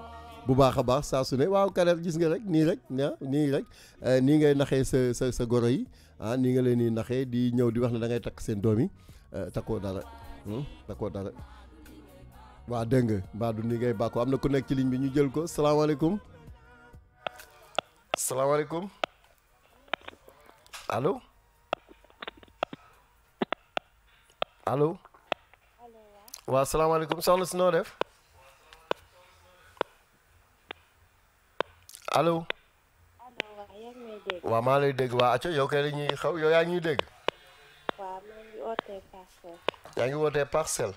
bu baax a baax saa su ne waaw Kader gis nga rek nii rek ah nii rek eh, nii ngay naxee sa sa sa goro yi ah nii nga leen nii naxee di ñëw di wax ne dangay takk seen doom yi eh, takkoo dara hmm, takkoo dara waa dégg nga mbaa du ni ngay bàkko am na ku nekk ci ligne bi ñu jël ko salaamaaleykum salaamaaleykum allo allo waaw salaamaaleykum soxna si noo def allo waaw maa lay dégg waa acco yow kay la xaw yow yaa ñuy dégg yaa ngi wootee parcelle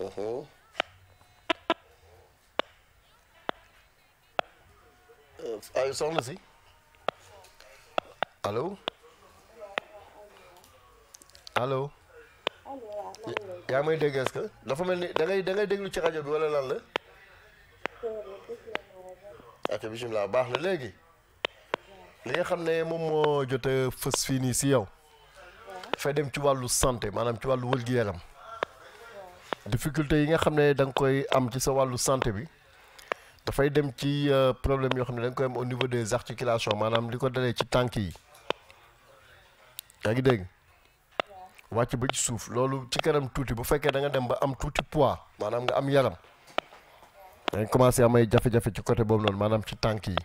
اهو ايوه سون سي الو allo yaa may dégg est-ce que dafa mel ni da ngay da ngay déglu ci rajo bi wala lan la ok bisimilah baax na léegi li nga xam ne moom moo jote fës fii nii si yow dafay dem ci wàllu santé maanaam ci wàllu wërgu yaram difficulté yi nga xam ne da nga koy am ci sa wàllu santé bi dafay dem ci euh, problème yoo xam ne da koy am au niveau des articulations maanaam li ko deree ci tànk yi yaa ngi dégg wàcc ba ci suuf loolu ci kanam tuuti bu fekkee da nga dem ba am tuuti poids maanaam nga am yaram da nga commencé amay jafe-jafe ci côté boobu noonu maanaam ci tànk yi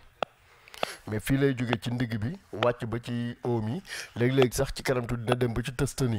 mais fii lay jóge ci ndigg bi wàcc ba ci oom yi léegi-léegi sax ci kanam tuuti dina dem ba ci tëstën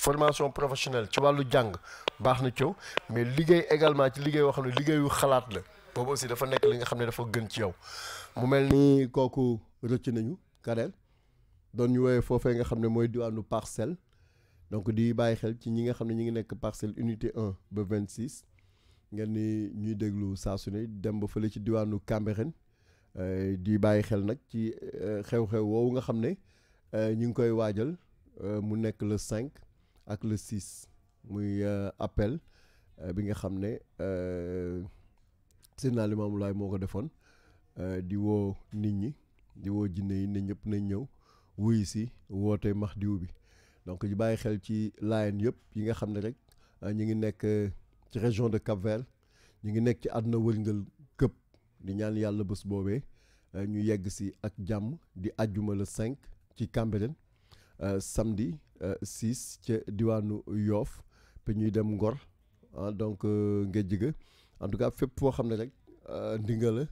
formation professionnelle ci wàllu jàng baax na cëw mais liggéey également ci liggéey yoo xam ne liggéeyu xalaat la boobu aussi dafa nekk li nga xam ne dafa gën ci yow mu mel ni kooku rëcc nañu Karel doon ñu woowee foofee nga xam ne mooy diwaanu parcelle donc di bàyyi xel ci ñi nga xam ne ñu ngi nekk parcelle unité 1 ba 26 ngeen ni ñuy déglu saa su dem ba fële ci diwaanu Cambérène euh, di bàyyi xel nag ci euh, xew-xew woowu nga xam ne euh, ñu ngi koy waajal mu nekk le 5. ak le 6 muy euh, appel euh, bi nga xam ne euh, moo ko defoon di woo nit di woo jinne yi donc ñu bàyyi xel ci laayen yëpp yi nga rek ngi région de Cap-Vert ñu ngi nekk ci àdduna këpp di ñaan yàlla bés boobee ñu yegg ak di 5 ci samedi 6 euh, ci diwanu yof pe ñuy dem ngor ah, donc euh, ngejj en tout cas fep fo xamne rek ndingala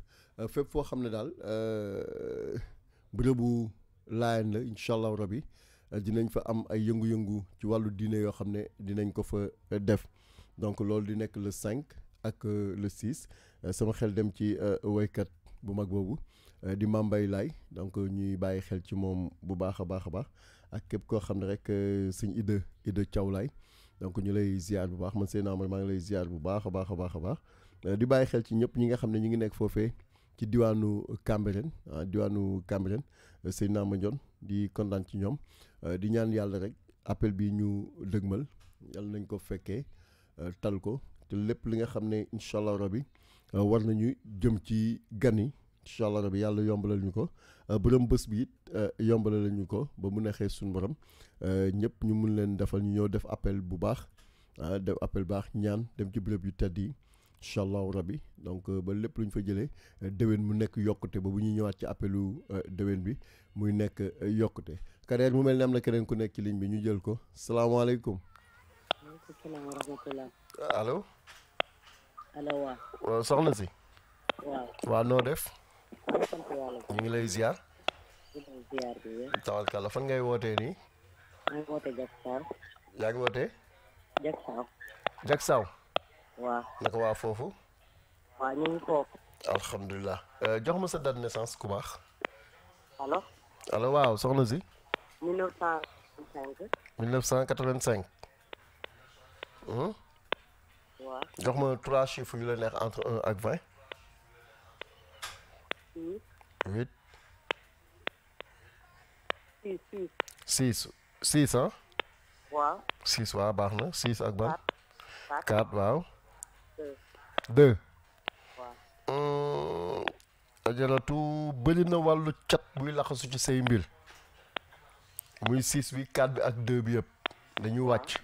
fep fo xamne dal euh beurebu laayen la euh, inshallah rabbi dinañ fa am ay yëngu yëngu ci walu diine yo xamne dinañ ko fa def donc lool di nek le 5 ak le 6 sama xel dem ci waykat bu mag bobu di mambay lay donc ñuy baye xel ci mom bu baakha baakha baax baax ak képp koo xam ne rek euh, sëñ Ida Ida Thiaw laay donc ñu lay ziar bu baax man seen Amar maa ngi lay ziar bu baax a baax a baax a baax euh, di bàyyi xel ci ñëpp ñi nga xam ne ñu ngi nekk foofee ci diwaanu Cambérène ah diwaanu Cambérène sëñ Naama ñoon di kontaan ci ñoom euh, di ñaan yàlla rek appel bi ñu dëgmal yàlla nañ ko fekkee tal ko te lépp li nga xam ne incha rabi war nañu jëm ci gan yi incha allah rabi yàlla yombalal ñu ko euh, borom bës bi it euh, yombalal ñu ko ba mu neexee suñu borom euh, ñëpp ñu mun leen defal ñu ñëw def appel bu baax ah, def appel baax ñaan dem ci béréb yu tedd yi incha allah rabi donc ba lépp lu ñu fa jëlee déwén mu nekk yokkute ba bu ñuy ñëwaat ci appelu déwén bi muy nekk yokkute carrière mu mel ne am na keneen ku nekk ci ligne bi ñu jël ko salaamaaleykum. maaleykum soxna si. waaw noo def. ñu ngi lay ziar. fan ngay wootee nii. wootee Jack Jack Saw. Saw. waaw naka waa foofu. waaw ñu ngi foofu. alhamdulilah euh, sa date naissance allo. allo waaw soxna si. 1985. 1985. Hmm? waaw jox ma trois chiffres yu la entre un ak 8. 6 6. 6 waaw 6 waaw baax na 6 ak ban. 4 waaw. 2. waaw. Euh, ajaratu bëri wàllu cat buy laxasu ci say mbir. muy 6 bi 4 bi ak 2 bi yëpp dañuy wàcc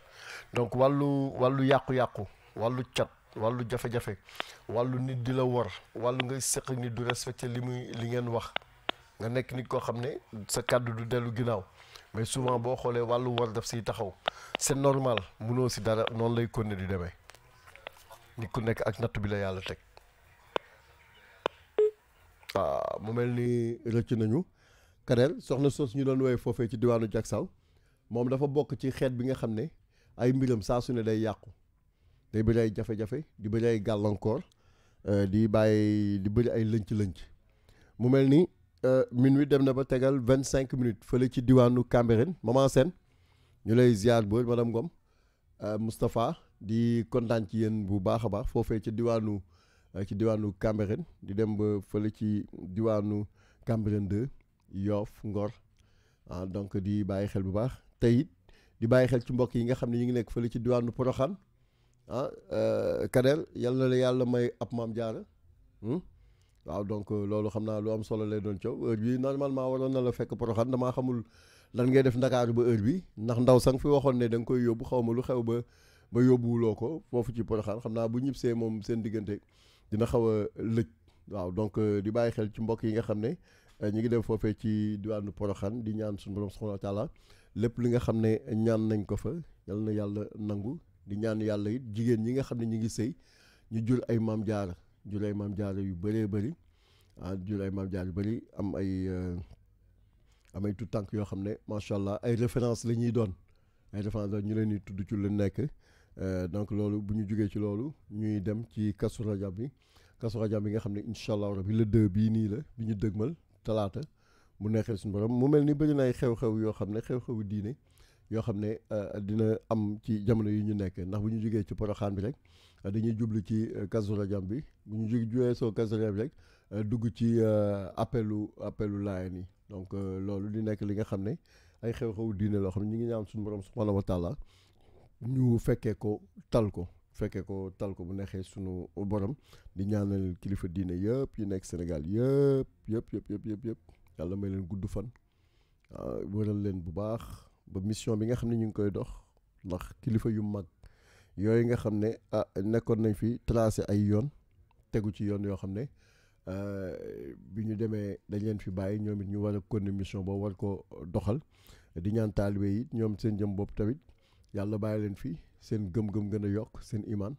donc wàllu wàllu yàqu-yàqu wàllu cat. wàllu jafe-jafe wàllu nit di la wor wàllu ngay sëq nit du respecté li muy li ngeen wax nga nekk nit koo xam ne sa kàddu du dellu ginnaaw mais souvent boo xoolee wàllu war daf si taxaw c'est normal munoo si dara noonu lay konne di demee nit ku nekk ak natt bi la yàlla teg waaw ah, mu mel ni rëcc nañu Karel soxna su ñu doon woowee foofee ci diwaanu Jaksaaw moom dafa bokk ci xeet bi nga xam ne ay mbiram saa su ne day yàqu day bëri ay jafe-jafe di bëri ay gàllankoor euh, di bàyyi di bëri ay lënc-lënc mu mel ni euh, minuit dem na ba tegal vingt cinq minutes fële ci diwaanu Cambérène maman Sène ñu lay ziar booy madame Ngom euh, Moustapha di kontaan ci yéen bu baax a baax foofee ci diwaanu ci diwaanu Cambérène di dem ba fële ci diwaanu Cambérène 2 Yoff Ngor ah donc di bàyyi xel bu baax tey it di bàyyi xel ci mbokk yi nga xam ne ñu ngi nekk fële ci diwaanu Porokhane ah euh, Kader yal na la yàlla may ab maam jaara hmm? waaw donc euh, loolu xam naa lu am solo lay doon coow heure bi normalement waroon na la fekk poroxaan damaa xamul lan ngay def ndakaaru ba heure bi ndax ndaw sang fi waxoon ne danga koy yóbbu xaw ma lu xew ba ba yóbbuwuloo ko foofu ci poroxaan xam naa bu ñib moom seen diggante dina xaw a lëj waaw donc euh, di bàyyi xel ci mbokk yi nga xam ne ñu ngi dem foofee ci diwaanu poroxaan di ñaan suñu borom subhanahu wa taala lépp li nga xam ne ñaan nañ ko fa yal na yàlla nangu di ñaan yàlla it jigéen ñi nga xam ne ñu ngi sëy ñu jur ay maam jaara jur ay maam jaara yu bëree bëri ah jur ay maam jaara yu bëri am ay eh, am ay tout tànk yoo xam ne macha allah ay référence la ñuy doon ay référence la ñu leen di tudd ci lu nekk eh, donc loolu bu ñu jugee ci loolu ñuy dem ci kasu rajab bi kasu rajab bi nga xam ne incha allah rabi le deux bii nii la bi ñu dëgmal talaata mu neexee suñu borom mu mel ni bëri na ay xew-xew yoo xam ne xew-xewu diine. yoo xam ne euh, dina am ci jamono yi ñu nekk ndax bu ñu jógee ci poroxaan bi rek euh, dañuy jublu ci Kazu euh, Rajab bi bu ñu jógee soo Kazu Rajab bi rek dugg ci appelu appelu Laayeen ni donc loolu di nekk li nga xam ne ay xew-xew diine loo xam ne ñu ngi ñaan suñu borom subhaanahu wa taala ñu fekkee ko tal ko fekkee ko tal ko bu neexee suñu borom di ñaanal kilifa diine yëpp yu nekk Sénégal yëpp yëpp yëpp yëpp yëpp yëpp yàlla may leen gudd fan wëral leen bu baax ba mission bi nga xam ne ñu ngi koy dox ndax kilifa yu mag yooyu nga xam ne ah nekkoon nañ fi tracé ay yoon tegu ci yoon yoo xam ne euh, bi ñu demee dañ leen fi bàyyi ñoom it ñu war a kon mission boobu war ko doxal di ñaan ñoom seen jëm bopp tamit yàlla bàyyi leen fi seen gëm-gëm gën a yokk seen imaan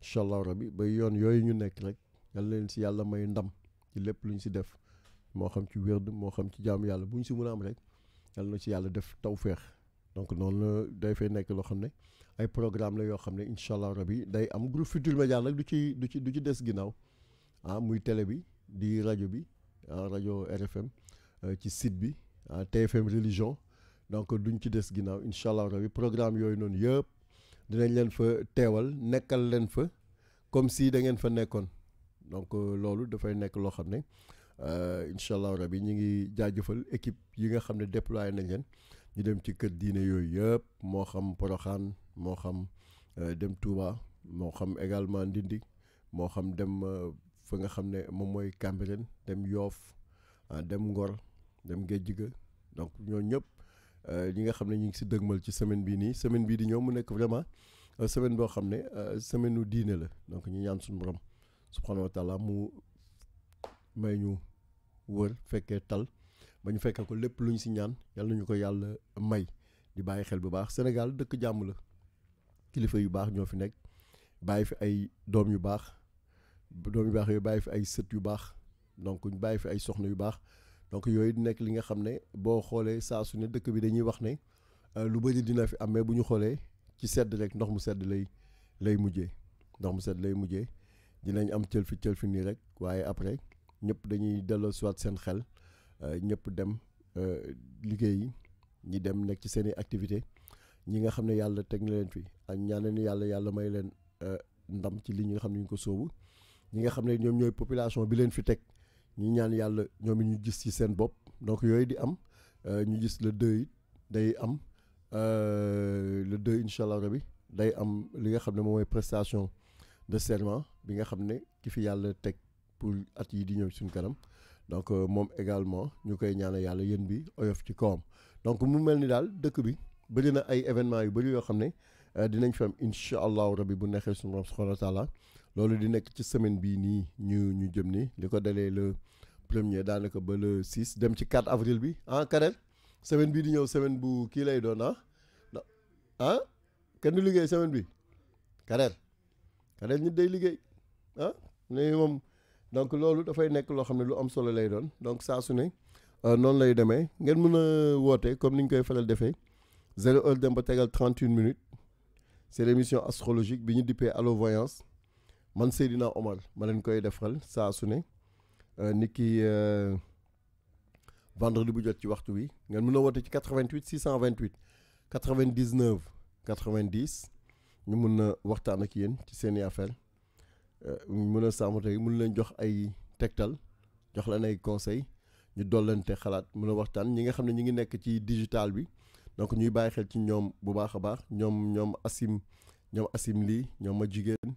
incha allah rabbi ba yoon yooyu ñu nekk rek yàlla leen si yàlla may ndam ci lépp lu ñu si def moo xam ci wérd moo xam ci jaamu yàlla bu ñu si mën a am rek yàlla na ci yàlla def tawféex donc noonu la day fay nekk loo xam ne ay programme la yoo xam ne incha allah rabi day am groupe Futurs Médias nag du ci du ci du ci des ginnaaw ah muy télé bi di rajo bi ah rajo RFM euh, ci site bi ah TFM religion donc duñ ci des ginnaaw incha allah rabi programme yooyu noonu yëpp dinañ leen fa teewal nekkal leen fa comme si da ngeen fa nekkoon donc euh, loolu dafay nekk loo xam ne. Euh, incha allah rabi ñu ngi jaajëfal équipe yi nga xam ne déployé nañ leen ñu dem ci kër diine yooyu yëpp moo xam Poroxaan moo xam euh, dem Touba moo xam également Ndindi moo xam dem euh, fa nga xam ne moom mooy Cambérène dem Yoof ah, dem Ngor dem ga donc ñoo ñëpp ñi nga xam ne ñu ngi si dëgmal ci semaine bi nii semaine bii di ñëw mu nekk vraiment semaine boo xam ne semaine u diine la donc ñu ñaan suñu borom subhanahu wa mu may ñu. wër fekkee tal ba ñu fekkee ko lépp lu ñu si ñaan yal nañu ko yàlla may di bàyyi xel bu baax Sénégal dëkk jàmm la kilifa yu baax ñoo fi nekk bàyyi fi ay doom yu baax doom yu baax yooyu bàyyi fi ay sët yu baax donc bàyyi fi ay soxna yu baax donc yooyu nekk li nga xam ne boo xoolee saa su ne dëkk bi dañuy wax ne euh, lu bëri dina fi am mais bu ñu xoolee ci sedd rek ndox mu sedd lay lay mujjee ndox mu sedd lay mujjee dinañ am cël fi cël fi nii rek waaye après ñëpp dañuy delloo soit seen xel euh, ñëpp dem euh, liggéeyi ñi dem nekk ci seen i activité ñi nga xam ne yàlla teg na leen fi ak ñaanal yàlla yàlla may leen euh, ndam ci li ñi nga xam ne ñu ko soobu ñi nga xam ne ñoom ñooy population bi leen fi teg ñi ñaan yàlla ñoom ñu gis ci seen bopp donc yooyu di am ñu gis le deux it day am le deux incha allah rabi day am li nga xam ne moom mooy prestation de serment bi nga xam ne ki fi yàlla teg. pour at yi di ñëw suñ kanam donc euh, moom également ñu koy ñaanal yàlla yéen bi oyof ci kawam donc mu mel ni daal dëkk bi bëri na ay événements yu bëri yoo xam ne euh, dinañ fi am incha allahu rabi bu neexee su borom subhanahu wa taala loolu di nekk ci semaine bii nii ñu ñu jëm ni li ko dalee le premier daanaka ba le 6 dem ci 4 avril bi ah Karel semaine bii di ñëw semaine bu kii lay doon ah ah kenn du liggéey semaine bi Karel Karel ñu day liggéey ah ne moom. donc loolu dafay nekk loo xam ne lu am solo lay doon donc saa su ne euh, noonu lay demee ngeen mën a woote comme ni ñu koy faral defee zéro heure dem ba tegal 31 minutes c'est l'émission astrologique bi ñu dippee Allo Voyance man Seydina Omar ma leen koy defal saa su ne euh, ni ki euh, vendredi bu jot ci waxtu wi ngeen mën a woote ci 88 628 99 90 ñu mën a waxtaan ak yéen ci seeni affaire Euh, mën a sàmm tey mun leen jox ay tegtal jox leen ay conseil ñu dollante xalaat mën a waxtaan ñi nga xam ne ñu ngi nekk ci digital bi donc ñuy bàyyi xel ci ñoom bu baax a baax ñoom ñoom asim ñoom asim lii ñoom ma jigéen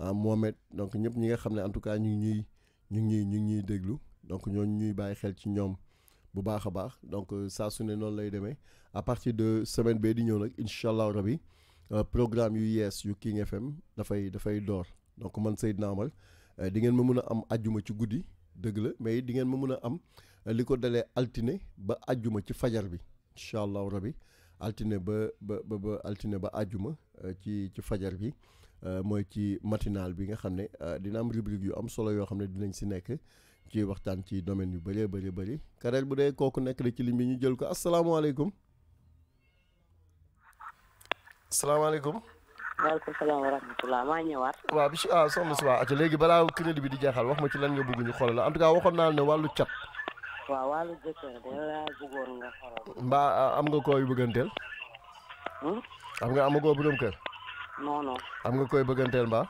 ah, Mohamed donc ñëpp ñi nga xam ne en tout cas ñu ngi ñuy ñu ngi ñuy ñu ngi ñuy déglu donc ñooñu ñuy bàyyi xel ci ñoom bu baax a baax donc euh, saa su ne noonu lay demee à partir de semaine bee di ñëw nag incha allah rabi euh, programme yu yees yu King FM dafay dafay door. donc man Seydina Amal euh, di ngeen ma mën a am ajjuma ci guddi dëgg la mais di ngeen ma mën a am euh, li ko dalee altine ba ajjuma ci fajar bi incha allahu rabi altine ba ba ba altine ba euh, ci ci fajar bi mooy ci matinal bi nga xam ne dina am rubrique yu am solo yoo xam ne dinañ si nekk ci waxtaan ci domaine yu bëree bëri bëri kareel bu dee kooku nekk na ci ligne bi ñu jël ko asalaamaaleykum. asalaamaaleykum. waaleykum warahmatullah maa ñëwaat waaw bi ah soxna si waaw aca léegi balaa crédit bi di jeexal wax ma ci lan nga bëgg ñu xoolal en tout cas waxoon naa ne wàllu cat waaw wàllu jëkkër de laa bëggoon nga xoolal mbaa ah, am nga koy bëgganteel hmm? am nga amagoo borom kër non non am nga koy bëgganteel mbaa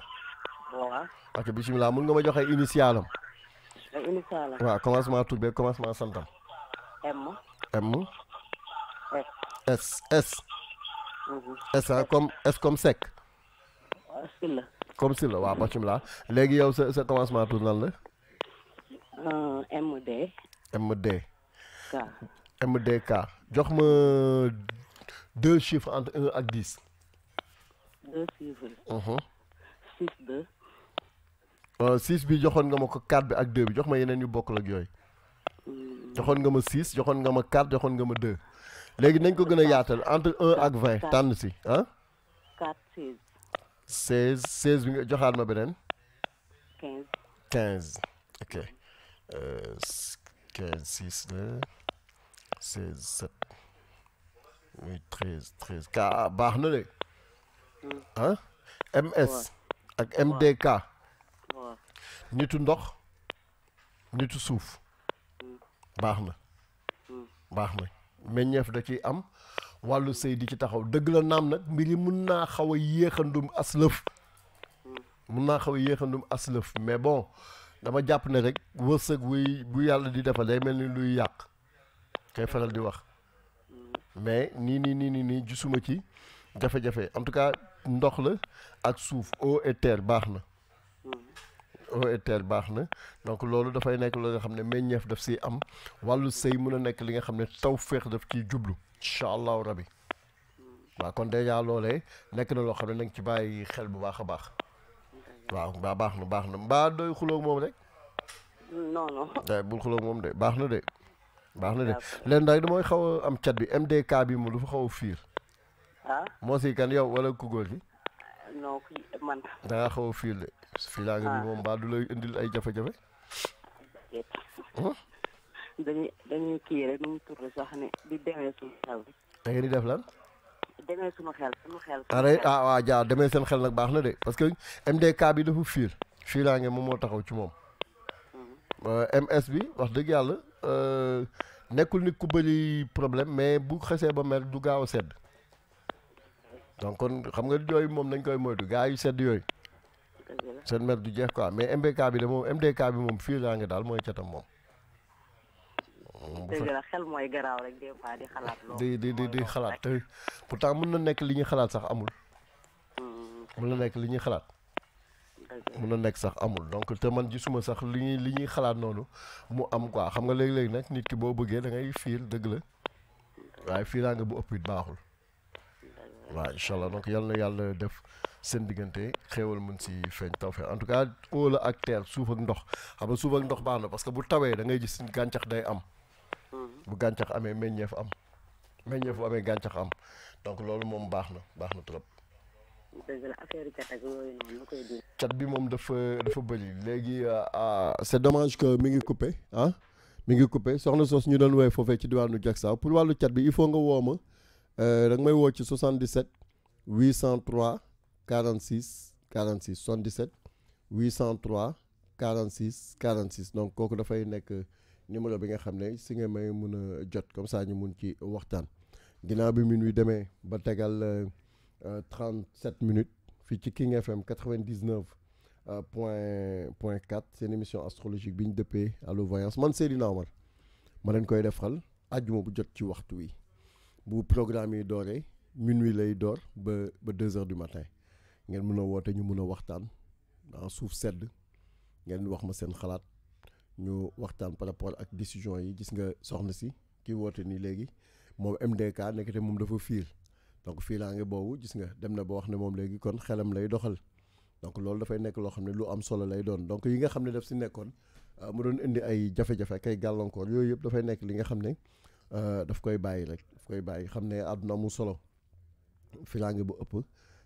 waaw aca bisimilah mun nga ma joxe initial am eh, initial am waaw commencement tubbe commencement santam M M S S S mhm. ah, comme S comme sec Sylla. comme Sylla waaw bisimilah léegi yow sa sa commencement tur lan la. Euh, MD. MD. K. MDK jox ma deux chiffres entre un ak dix. deux mhm. euh, bi joxoon nga ma ko quatre bi ak deux bi jox ma yeneen yu bokkul ak yooyu. Hmm. joxoon nga ma six joxoon nga ma quatre joxoon nga ma deux. léegi nañ ko gën a yaatal entre un ak vingt tànn si ah. 16, 16, 15. 15. 15. Ok. 15, 6, 16, 7. 13, 13. K, ah, Barnolet. Hmm. Hein? MS. MDK. Ouais. Nitu Ndok. Nitu Souf. Mm. Barne. Mm. Mais il de qui? am. wàllu sëy di ci taxaw dëgg la naam nag mbir yi mun naa xaw a yéexandum aslëf mun naa xaw a yéexandum aslëf mais bon dama jàpp ne rek wërsëg wuy bu yàlla di defal day mel ni luy yàq kay faral di wax mais nii nii nii nii nii gisuma ci jafe-jafe en tout cas ndox la ak suuf eau et baax na ORTL e baax na donc loolu dafay nekk loo nga xam ne meññeef def si am wàllu sëy mun a nekk li nga xam ne taw féex def ciy jublu incha allahu rabi waa kon dèjà loolee nekk na loo xam ne na nga ci bàyyi xel bu baax a baax waaw mbaa baax na baax na mbaa dooy xulóog moom rek. Eh, bul xulóog moom de baax na de. baax na de leen rek mooy xaw a am cat bi MDK bi mu dafa xaw a fiir. Ah? moo si kan yow wala ku góor gi. xaw a fiir de. filaanga bi moom mbaa du lay indil ay jafe-jafe. dañuy dañuy def lan. demee suñu ah, ah waaw jaa demee seen xel nag baax na de parce que MDK bi dafa fiir filaange moom moo taxaw ci moom. MS mm-hmm. euh, bi wax dëgg yàlla euh, nekkul nit ku bëri problème mais bu xesee ba mer du gaaw a sedd donc kon xam nga yooyu moom nañ koy moytu gaa yu sedd yooyu. seen mer du jeex quoi mais MBK bi de moom MDK bi moom fii laa ngi daal mooy catam moom. dëgg la xel mooy di xalaat loolu. di di di xalaat te pourtant mën na nekk li ñuy xalaat sax amul. mën na nekk li ñuy xalaat. mën na nekk sax amul donc te man ji suma sax li ñuy li ñuy xalaat noonu mu am quoi xam nga léegi-léegi nag nit ki boo bëggee da ngay fiir dëgg la waaye fiiraange bu ëpp baaxul. waaw incha allah donc yàlla na yàlla def. seen diggante xéewal mun si feeñ tawfeex en tout cas óola ak teer suuf ak ndox xam nga suuf ak ndox baax na parce que bu tawee dangay ngay gis gàncax day am mm-hmm. bu gàncax amee meññeef am meññeef bu amee gàncax am donc loolu moom baax na baax na trop cat bi moom dafa dafa bëri léegi euh, c'est dommage que mi ngi coupé ah mi ngi coupé soxna soos ñu doon woowee foofee ci diwaanu Diacksao pour wàllu cat bi il faut nga woo ma euh, da may woo ci 77 803 46 46 77 803 46 46 donc da fay numéro bi nga may comme ça ñu ci bi minuit demain, ba 37 euh, minutes fi ci King FM 99 euh, émission astrologique de paix à Allo Voyance man Seydina Omar ma len koy defal bu jot ci waxtu wi minuit lay 2 h du matin ngeen mën a woote ñu mun a waxtaan en suuf sedd ngeen wax ma seen xalaat ñu waxtaan par rapport ak décision yi gis nga soxna si ki woote nii léegi moom MDK nekk te moom dafa fiir donc fii laa boobu gis nga dem na ba wax ne moom léegi kon xelam lay doxal donc loolu dafay nekk loo xam ne lu am solo lay doon donc yi nga xam ne daf si nekkoon euh, mu doon indi ay jafe-jafe ak gàllankoor yooyu yëpp dafay nekk li nga xam ne euh, daf koy bàyyi rek daf koy bàyyi xam ne àdduna amul solo fii laa ngi ëpp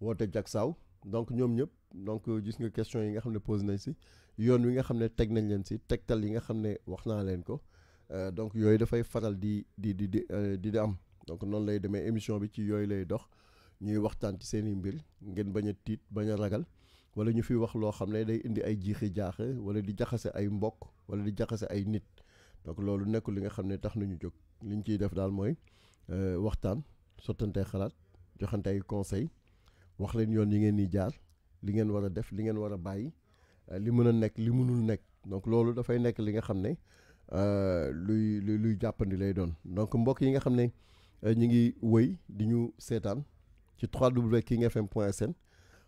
woote jak saaw donc ñoom ñëpp donc gis nga question yi nga xam ne posé nañ si yoon wi nga xam ne teg nañ leen si tegtal yi nga xam ne wax naa leen ko euh, donc yooyu dafay faral di di di di euh, di am donc noonu lay demee émission bi ci yooyu lay dox ñuy waxtaan ci seen i mbir ngeen bañ a tiit bañ a ragal wala ñu fi wax loo xam ne day indi ay jiixi jaax wala di jaxase ay mbokk wala di jaxase ay nit donc loolu nekkul li nga xam ne tax nañu jóg liñ ciy def daal mooy euh, waxtaan sottante xalaat joxante ay conseil wax leen yoon yi ngeen ni jaar li ngeen war a def li ngeen war a bàyyi euh, li mën a nekk li mënul nekk donc loolu dafay nekk li nga xam ne euh, luy luy jàppandi lay doon donc mbokk yi nga xam ne euh, ñu ngi wëy di ñu seetaan ci www.kingfm.sn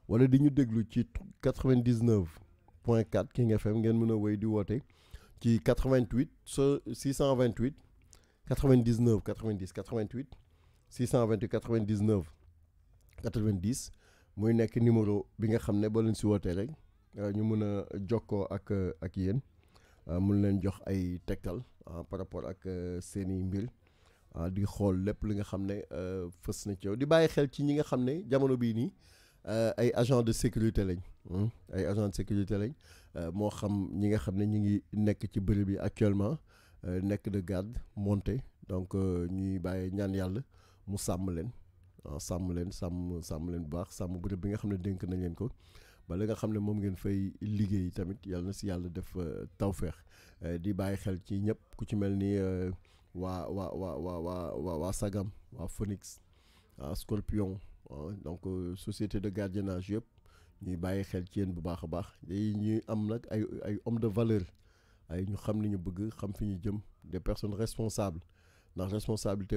wala di ñu déglu ci 99 point 4 King FM ngeen mën a wëy di woote ci 88 628 99 90 88 628 99 90 muy nekk numéro bi nga xam ne ba leen si wootee rek euh, ñu mën a jokkoo ak euh, ak yéen euh, mun leen jox ay tegtal par rapport ak seen i mbir di xool lépp li nga xam ne fës na ci yow di bàyyi xel ci ñi nga xam ne jamono bii nii ay agent de sécurité lañ hmm, ay agent de sécurité lañ moo xam ñi nga xam ne ñi ngi nekk ci bërëb yi actuellement nekk de garde monté donc ñuy bàyyee ñaan yàlla mu sàmm leen Samuel, ah, sàmm Sam sàmm sàmm Sam len baax sàmm bërëb bi nga xam ne dénk nga ngeen fay tamit yàlla na si def euh, euh, di bàyyi xel ci ñëpp ku ci Phoenix Scorpion donc société de gardiennage yëpp ñuy bàyyi xel ci a ñuy am ay de valeur ay ñu xam ñu bëgg xam fi ñu jëm des personnes responsables ndax responsabilité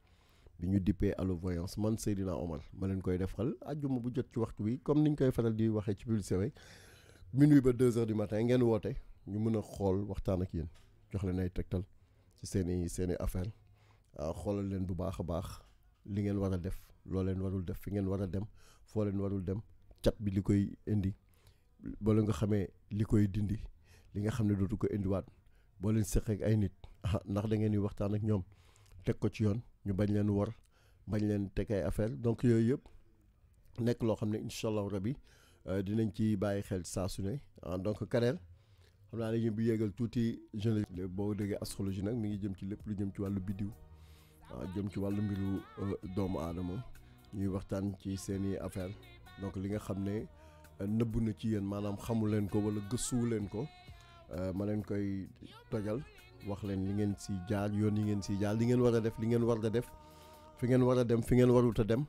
bi ñu dippee allo-voyance man Seydina Omar ma leen koy def defal àjjuma bu jot ci waxtu wi comme niñ koy faral di waxee ci publicité way minuit ba deux heures du matin ngeen woote ñu mën a xool waxtaan ak yéen jox leen ay tegtal ci seen i seen i affaire ah, xoolal leen bu baax a baax li ngeen war a def looleen leen warul def fi ngeen war a dem foo leen warul dem cat bi li koy indi boo leen nga xamee li koy dindi li nga xam ne dootu ko indiwaat boo leen seq ak ay nit ah, ndax da ngeen waxtaan ak ñoom teg ko ci yoon ñu bañ leen war bañ leen teg ay affaire donc yooyu yëpp nekk loo xam ne incha allahu rabi euh, dinañ ci bàyyi xel saa su ne ah, donc Karel xam naa ne ñu yéegal tuuti jeune boo déggee astrologie nag mi ngi jëm ci lépp lu jëm ci wàllu biddiw ah, jëm ci wàllu mbiru euh, doomu aadama ñuy waxtaan ci seeni affaire donc li nga xam ne euh, nëbbu na ci yéen maanaam xamu leen ko wala gëstuwu leen ko ma leen koy tojal wax leen li ngeen si jaar yoon yi ngeen si jaar li ngeen war a def li ngeen war a def fi ngeen war a dem fi ngeen warut a dem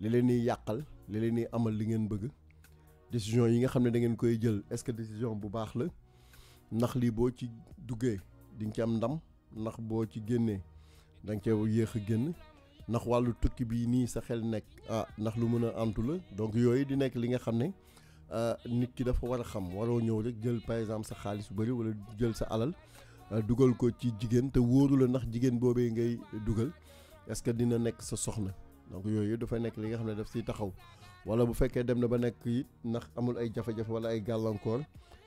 li leen di yàqal li leen di amal li ngeen bëgg décision yi nga xam ne da ngeen koy jël est-ce que décision bu baax la ndax lii boo ci duggee di nga ci am ndam ndax boo ci génnee da nga yéex a génn ndax wàllu tukki bi nii sa xel nekk ah ndax lu mën a antu la donc yooyu di nekk li nga xam ne ah, nit ki dafa war a xam waroo ñëw rek jël par exemple sa xaalis bu bëri wala jël sa alal Euh, dugal ko ci jigen te wóoru la nax jigen bobé ngay dugal est ce que dina nek sa soxna donc yoyu dafa nek li nga xam daf ci taxaw wala bu fekke dem na ba nek nax amul ay jafé jafé wala ay gàllankoor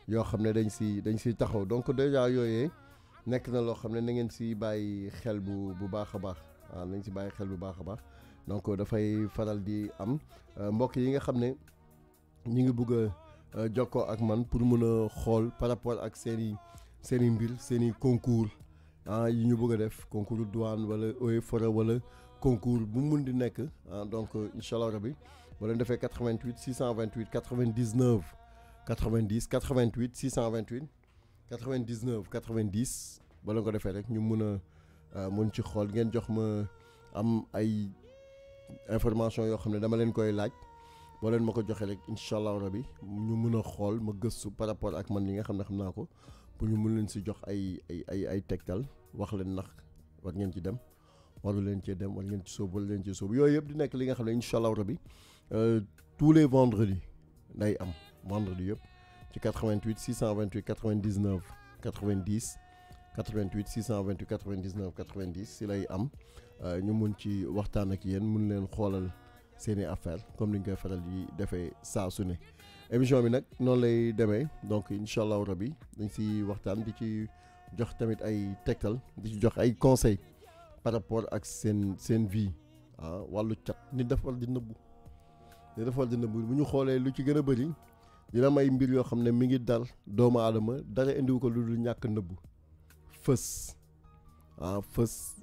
yo xam dañ ci dañ ci taxaw donc déjà yoyé nek na lo na ngeen si bàyyi xel bu bu baax baax nañ si bàyyi xel bu baax baax donc fay faral di am euh, mbokk yi nga xam ñi joko ngi bugg a euh, ak man pour mëna xol par rapport ak seen seen i mbir seen i concours ah yi ñu bëgg a def concours douane wala oe et wala concours bu mun di nekk ah donc incha allah rabi ba leen defee 88 628 99 90 88 628 99 90 bala nga ko defee rek ñu mun a ah, mun ci xool ngeen jox ma am ay information yoo xam ne dama leen koy laaj boo leen ma ko joxee rek incha allah rabi ñu mun a xool ma gëstu par rapport ak man li nga xam ne xam naa ko pour ñu mën leen si jox ay ay ay ay tegtal wax leen nax war ngeen ci dem waru leen ci dem war ngeen ci sóobu leen ci sóobu yooyu yëpp di nekk li nga xam ne incha rabi euh, tous les vendredis day am vendredi yëpp ci 88 628 99 90 88 628 99 90 si lay am euh, ñu mën ci waxtaan ak yéen mën leen xoolal seeni affaire comme ni nga koy faral di defee saa émission bi nag noonu lay demee donc incha allahu rabi dañ si waxtaan di ci jox tamit ay tegtal di ci jox ay conseils par rapport ak seen seen vie ah wàllu cat nit dafa war di nëbbu nit dafa di nëbbu bu ñu xoolee lu ci gën a bari dina am ay mbir yoo xam ne mi ngi dal doomu aadama dara indiwu ko lu dul ñàkk nëbbu fës ah fës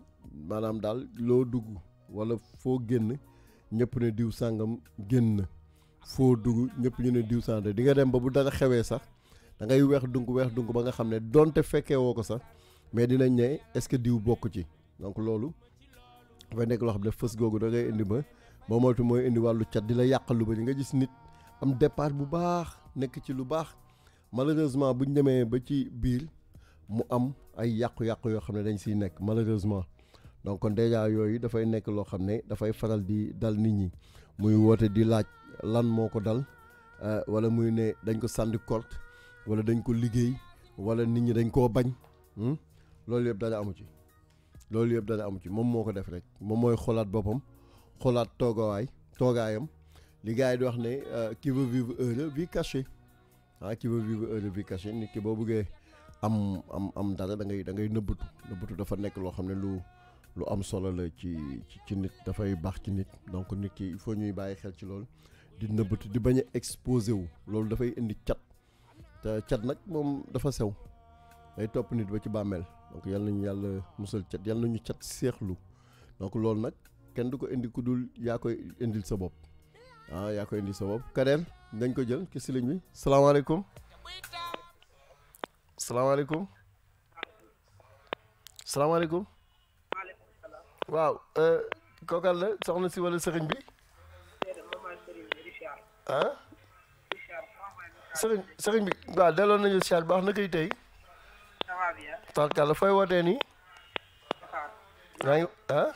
maanaam daal loo dugg walla foo génn ñëpp ne diw sàngam génn na foo dugg ñëpp ñu ne diw santé di nga dem ba bu dara xewee sax da ngay weex dunk weex dunk ba nga xam ne donte fekkee woo ko sax mais dinañ ne est-ce que diw bokk ci donc loolu dafay nekk loo xam ne fës googu da ngay indi ba boo moytu mooy indi wàllu cat di la yàqal lu ba nga gis nit am départ bu baax nekk ci lu baax malheureusement buñ demee ba ci biir mu am ay yàqu-yàqu yoo xam ne dañ siy nekk malheureusement donc kon déjà yooyu dafay nekk loo xam ne dafay faral di dal nit ñi muy woote di laaj lan moo ko dal euh, wala muy ne dañ ko sànni kort wala dañ ko liggéey wala nit ñi dañ koo bañ hmm? loolu yëpp dana amu ci loolu yëpp dana amu ci moom moo ko def rek moom mooy xoolaat boppam xoolaat toogawaay toogaayam li yi di wax ne euh, qui veut vivre heureux vit caché ah qui veut vivre nit ki boo buggee am am am dara dangay dangay da ngay dafa nekk loo xam ne lu lu am solo la ci ci nit dafay baax ci nit donc nit ki il ñuy bàyyi xel ci loolu di nëbbatu di bañ a exposé wu loolu dafay indi cat te cat nag moom dafa sew day topp nit ba ci bàmmeel donc yàlla nañu yàlla musal cat yàlla nañu cat seexlu donc loolu nag kenn du ko indi ku dul yaa koy indil sa bopp ah yaa koy indil sa bopp kadeer dañ ko jël ki si ligne bi salaamaaleykum salaamaaleykum salaamaaleykum waaw euh, kokal la soxna si wala sëriñ bi ah sëriñ sëriñ bi waaw delloo nañu baax na koy tey tarkalla fooy wootee nii maa ngi ah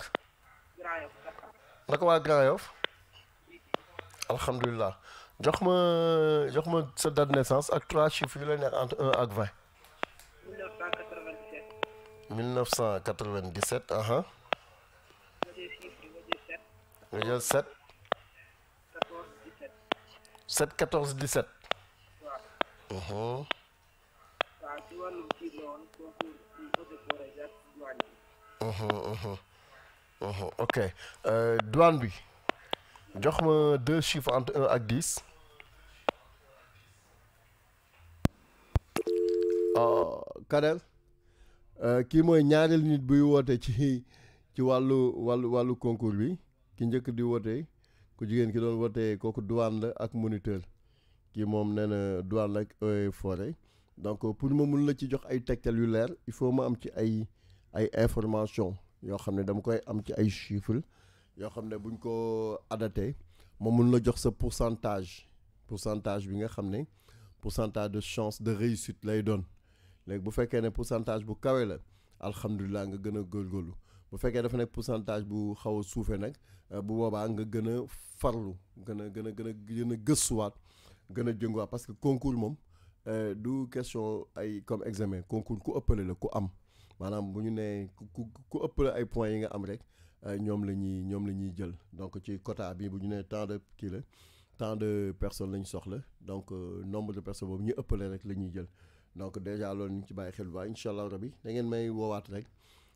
naka Grand Yoff alhamdulilah jox ma jox ma sa date de naissance ak trois chiffres yu la neex entre ak vingt. 1997 aha uh-huh. nga jël 7 14 17. waaw. ok euh, douane bi jox ma deux chiffres entre un ak dix. Ah, Kanel euh, kii mooy ñaareelu nit buy woote ci ci wàllu wàllu wàllu concours bi ki njëkk di woote. ku jigéen ki doon wootee kooku douane la ak moniteur ki moom nee na douane la ak forêt donc pour ma mun la ci jox ay tegtal yu leer il faut ma am ci ay ay information yoo xam ne dama koy am ci ay chiffres yoo xam ne buñ ko adapté ma mun la jox sa pourcentage pourcentage bi nga xam ne pourcentage de chance de réussite lay doon léegi bu fekkee ne pourcentage bu kawe la alhamdulilah nga gën a góorgóorlu bu fekkee dafa nekk pourcentage bu xaw a suufee nag euh, bu boobaa nga gën a farlu gën a gën a gën a gën a gëstuwaat gën a jënguwaat parce que concours moom euh, du question ay comme examen concours ku ëppale la ku am maanaam bu ñu nee ku ku ëppale ay points yi nga am rek euh, ñoom la ñuy ñoom la ñuy jël donc ci quota bi bu ñu nee tant de kii la tant de personnes la ñu soxla donc nombre de personnes boobu ñu ëppale rek la ñuy jël donc déjà loolu ñu ci bàyyi xel bu baax incha allah rabi da ngeen may woowaat rek.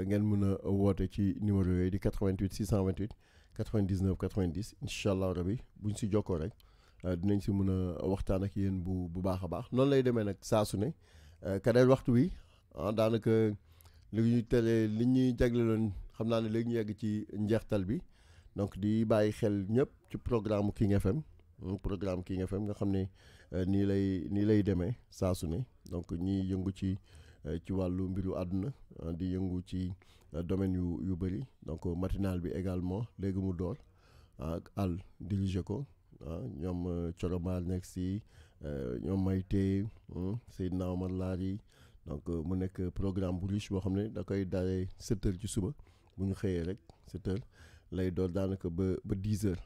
ngeen mën a numéro di 88 628 99 90 buñ si jokkoo rek euh, dinañ si a ak yéen bu bu baax a baax lay demee nag saa su ne euh, kadeel waxtu wi donc di bàyyi xel ñëpp hmm, programme King FM programme King FM nga euh, ni lay donc ni yëngu euh, ci walu mbiru aduna euh, di yëngu ci euh, domaine yu yu bari donc matinal bi également léegi mu door ak àll dirigé ko ñom ah, ñoom Coromal nekk si ñoom Mayte hmm, Seydina Omar Laari donc mu nekk programme bu riche bo xamne da koy dalee 7h ci suba bu ñu xëyee rek 7h lay door danaka ba ba dix heures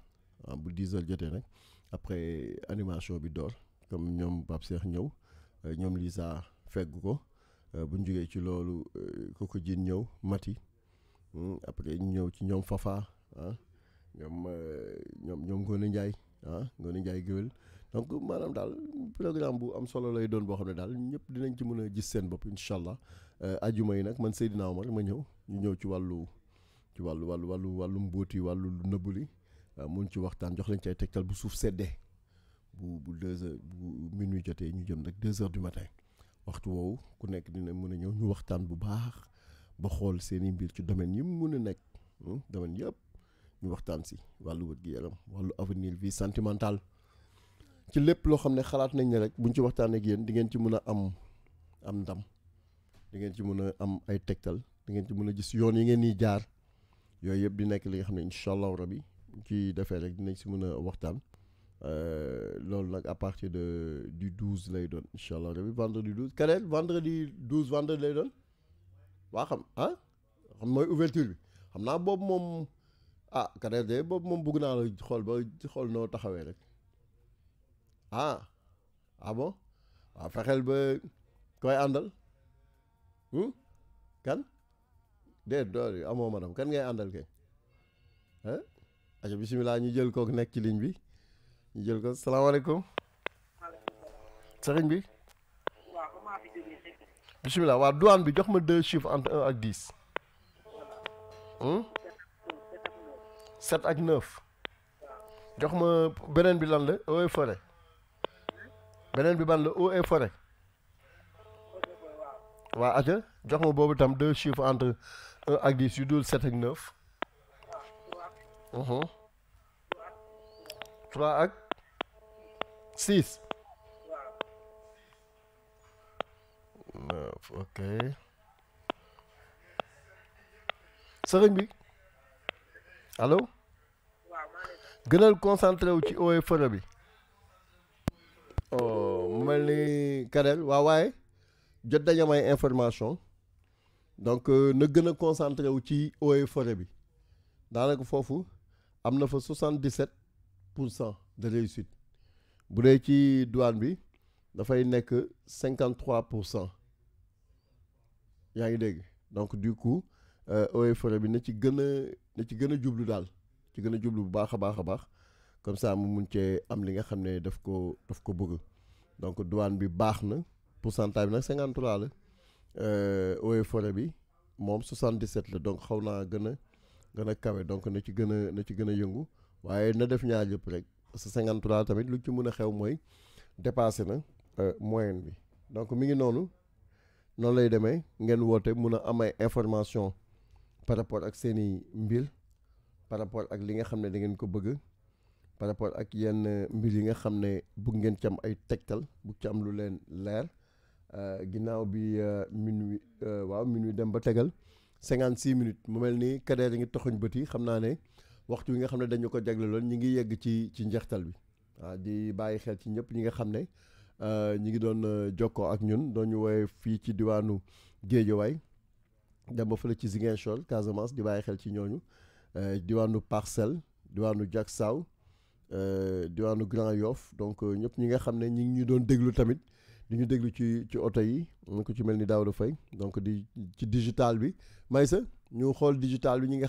ah, bu 10h jotté rek après animation bi door comme ñom bab Cheikh ñew ñom Lisa fegg ko. Euh, bu ñu jógee ci loolu kooku euh, ji ñëw Mati hmm, après ñu ñëw ci ñoom Fafa ah ñoom euh, ñoom ñoom Ngoné Ndiaye ah Ngoné Ndiaye géwél donc maanaam daal programme bu am solo lay doon boo xam ne daal ñëpp dinañ ci mën a jis seen bopp incha allah ajuma yi nag man Seydina rek ma ñëw ñu ñëw ci wàllu ci wàllu wàllu wàllu wàllu mbóoti wàllu nëbbu li mun ci waxtaan jox leen ci ay tegtal bu suuf seddee bu bu deux heures bu minuit jotee ñu jëm nag deux heures du matin. waxtu woowu ku nekk dina mën a ñëw ñu waxtaan bu baax ba xool seeni mbir ci domaine yi mu mën a nekk hmm, domaine yëpp ñu waxtaan si wàllu wër gi yaram wàllu avenir vie sentimentale ci lépp loo xam ne xalaat nañ ne rek buñ ci waxtaanee ak yéen di ngeen ci mën a am am ndam di ci mën a am ay tegtal di ngeen ci mën a gis yoon yi ngeen di jaar yooyu yëpp di nekk li nga xam ne incha allahu rabi ci defee rek dinañ si mën a waxtaan. Euh, loolu nag à partir de di 12 lay doon incha allah rabi vendredi 12 Kanel vendredi 12 vendredi lay doon waa xam ah xam mooy ouverture bi xam naa boobu moom ah Kanel de boobu moom bëgg naa la xool ba xool noo taxawee rek ah ah bon waaw fexeel ba koy àndal hmm? kan de dee dool amoo madam kan ngay àndal kay ah aca bisimilah ñu jël kooku nekk ci ligne bi ñu jël ko salaamaaleykum sëriñ bi bisimilah waa douane bi jox ma deux chiffres entre un ak dix hmm? sept ak neuf jox ma beneen bi lan la eaux et forêt beneen bi ban la eaux et forêt waa aja jox ma boobu tam deux chiffres entre un ak dix yu dul sept ak neuf hmm. trois ak 6. 9 Ok. C'est Allo Allô? Je suis concentré au OFRB. Oh, je suis Karel. Je suis donné des informations. Donc, je euh, suis concentré au OFRB. Dans le cas où il y 77% de réussite. bu dee ci douane bi dafay nekk cinquante pour cent yaa ngi dégg donc du coup eaux et bi na ci gën a na ci gën a jublu daal ci gën a jublu bu baax a baax a baax comme ça mu mun cee am li nga xam ne daf ko daf ko bëgg donc douane bi baax na pourcentage bi nag cinquante trois la eaux et bi moom soixante dix sept la donc xaw naa gën a gën a kawe donc na ci gën a na ci gën a yëngu waaye na def ñaar yëpp rek. parce que 53 tamit lu ci mën a xew mooy dépassé na euh, moyen bi donc mi ngi noonu noonu lay demee ngeen woote mun a am information par rapport ak seen i mbir par rapport ak li nga xam ne da ngeen ko bëgg par rapport ak yenn euh, mbir yi nga xam ne bugg ngeen ci am ay tegtal bu ci am lu leen leer euh, ginnaaw bi minuit waaw minuit dem ba tegal 56 minutes mu mel ni kadeer yi ngi toxuñ bët yi xam naa ne waxtu wi nga xam dañu ko jagleloon ñi ngi yegg ci ci njeextal bi waaw ah, di bàyyi xel ci ñëpp ñi nga xam ne euh, ñi ngi doon fait euh, ak ñun doon ñu woowee fii ci diwaanu dem ba fële ci Casamance di bàyyi xel ci ñooñu euh, diwaanu Parcelles diwaanu Grand donc ñëpp ñi nga xam ñi ñu doon déglu tamit di ñu ci ci yi ci donc di ci digital bi may sa ñu digital bi ñi nga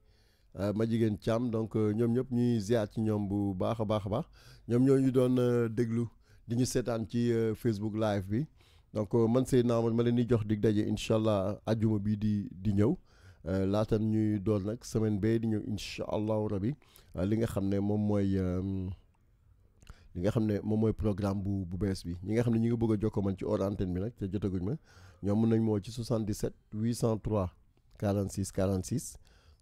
Euh, ma jigéen Thiam donc euh, ñoom ñëpp ñuy ziar ci ñoom bu baax a baax a baax ñoom ñoo ñu doon euh, déglu di ñu seetaan ci Facebook live bi donc man Seydina Omar ma leen di jox di daje incha allah ajuma bii di di ñëw laatam ñuy doon nag semaine bee di ñëw incha allahu rabi li nga xam ne moom mooy li nga xam ne moom mooy programme bu bu bees bi ñi nga xam ne ñu ngi bëgg a jokkoo man ci hors antenne bi nag te jotaguñ ma ñoom mën nañ moo ci 77 803 46 46.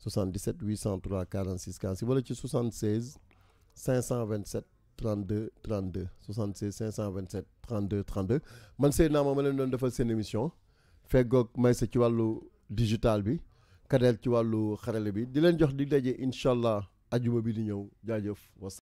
77 803 46 46 wala ci 76 527 32 32 76 527 32 32 man Seydina moom ma leen doon defal seen émission feggoog may sa ci wàllu digital bi Kadel, ci wàllu xarale bi di leen jox di daje incha allah ajuma bi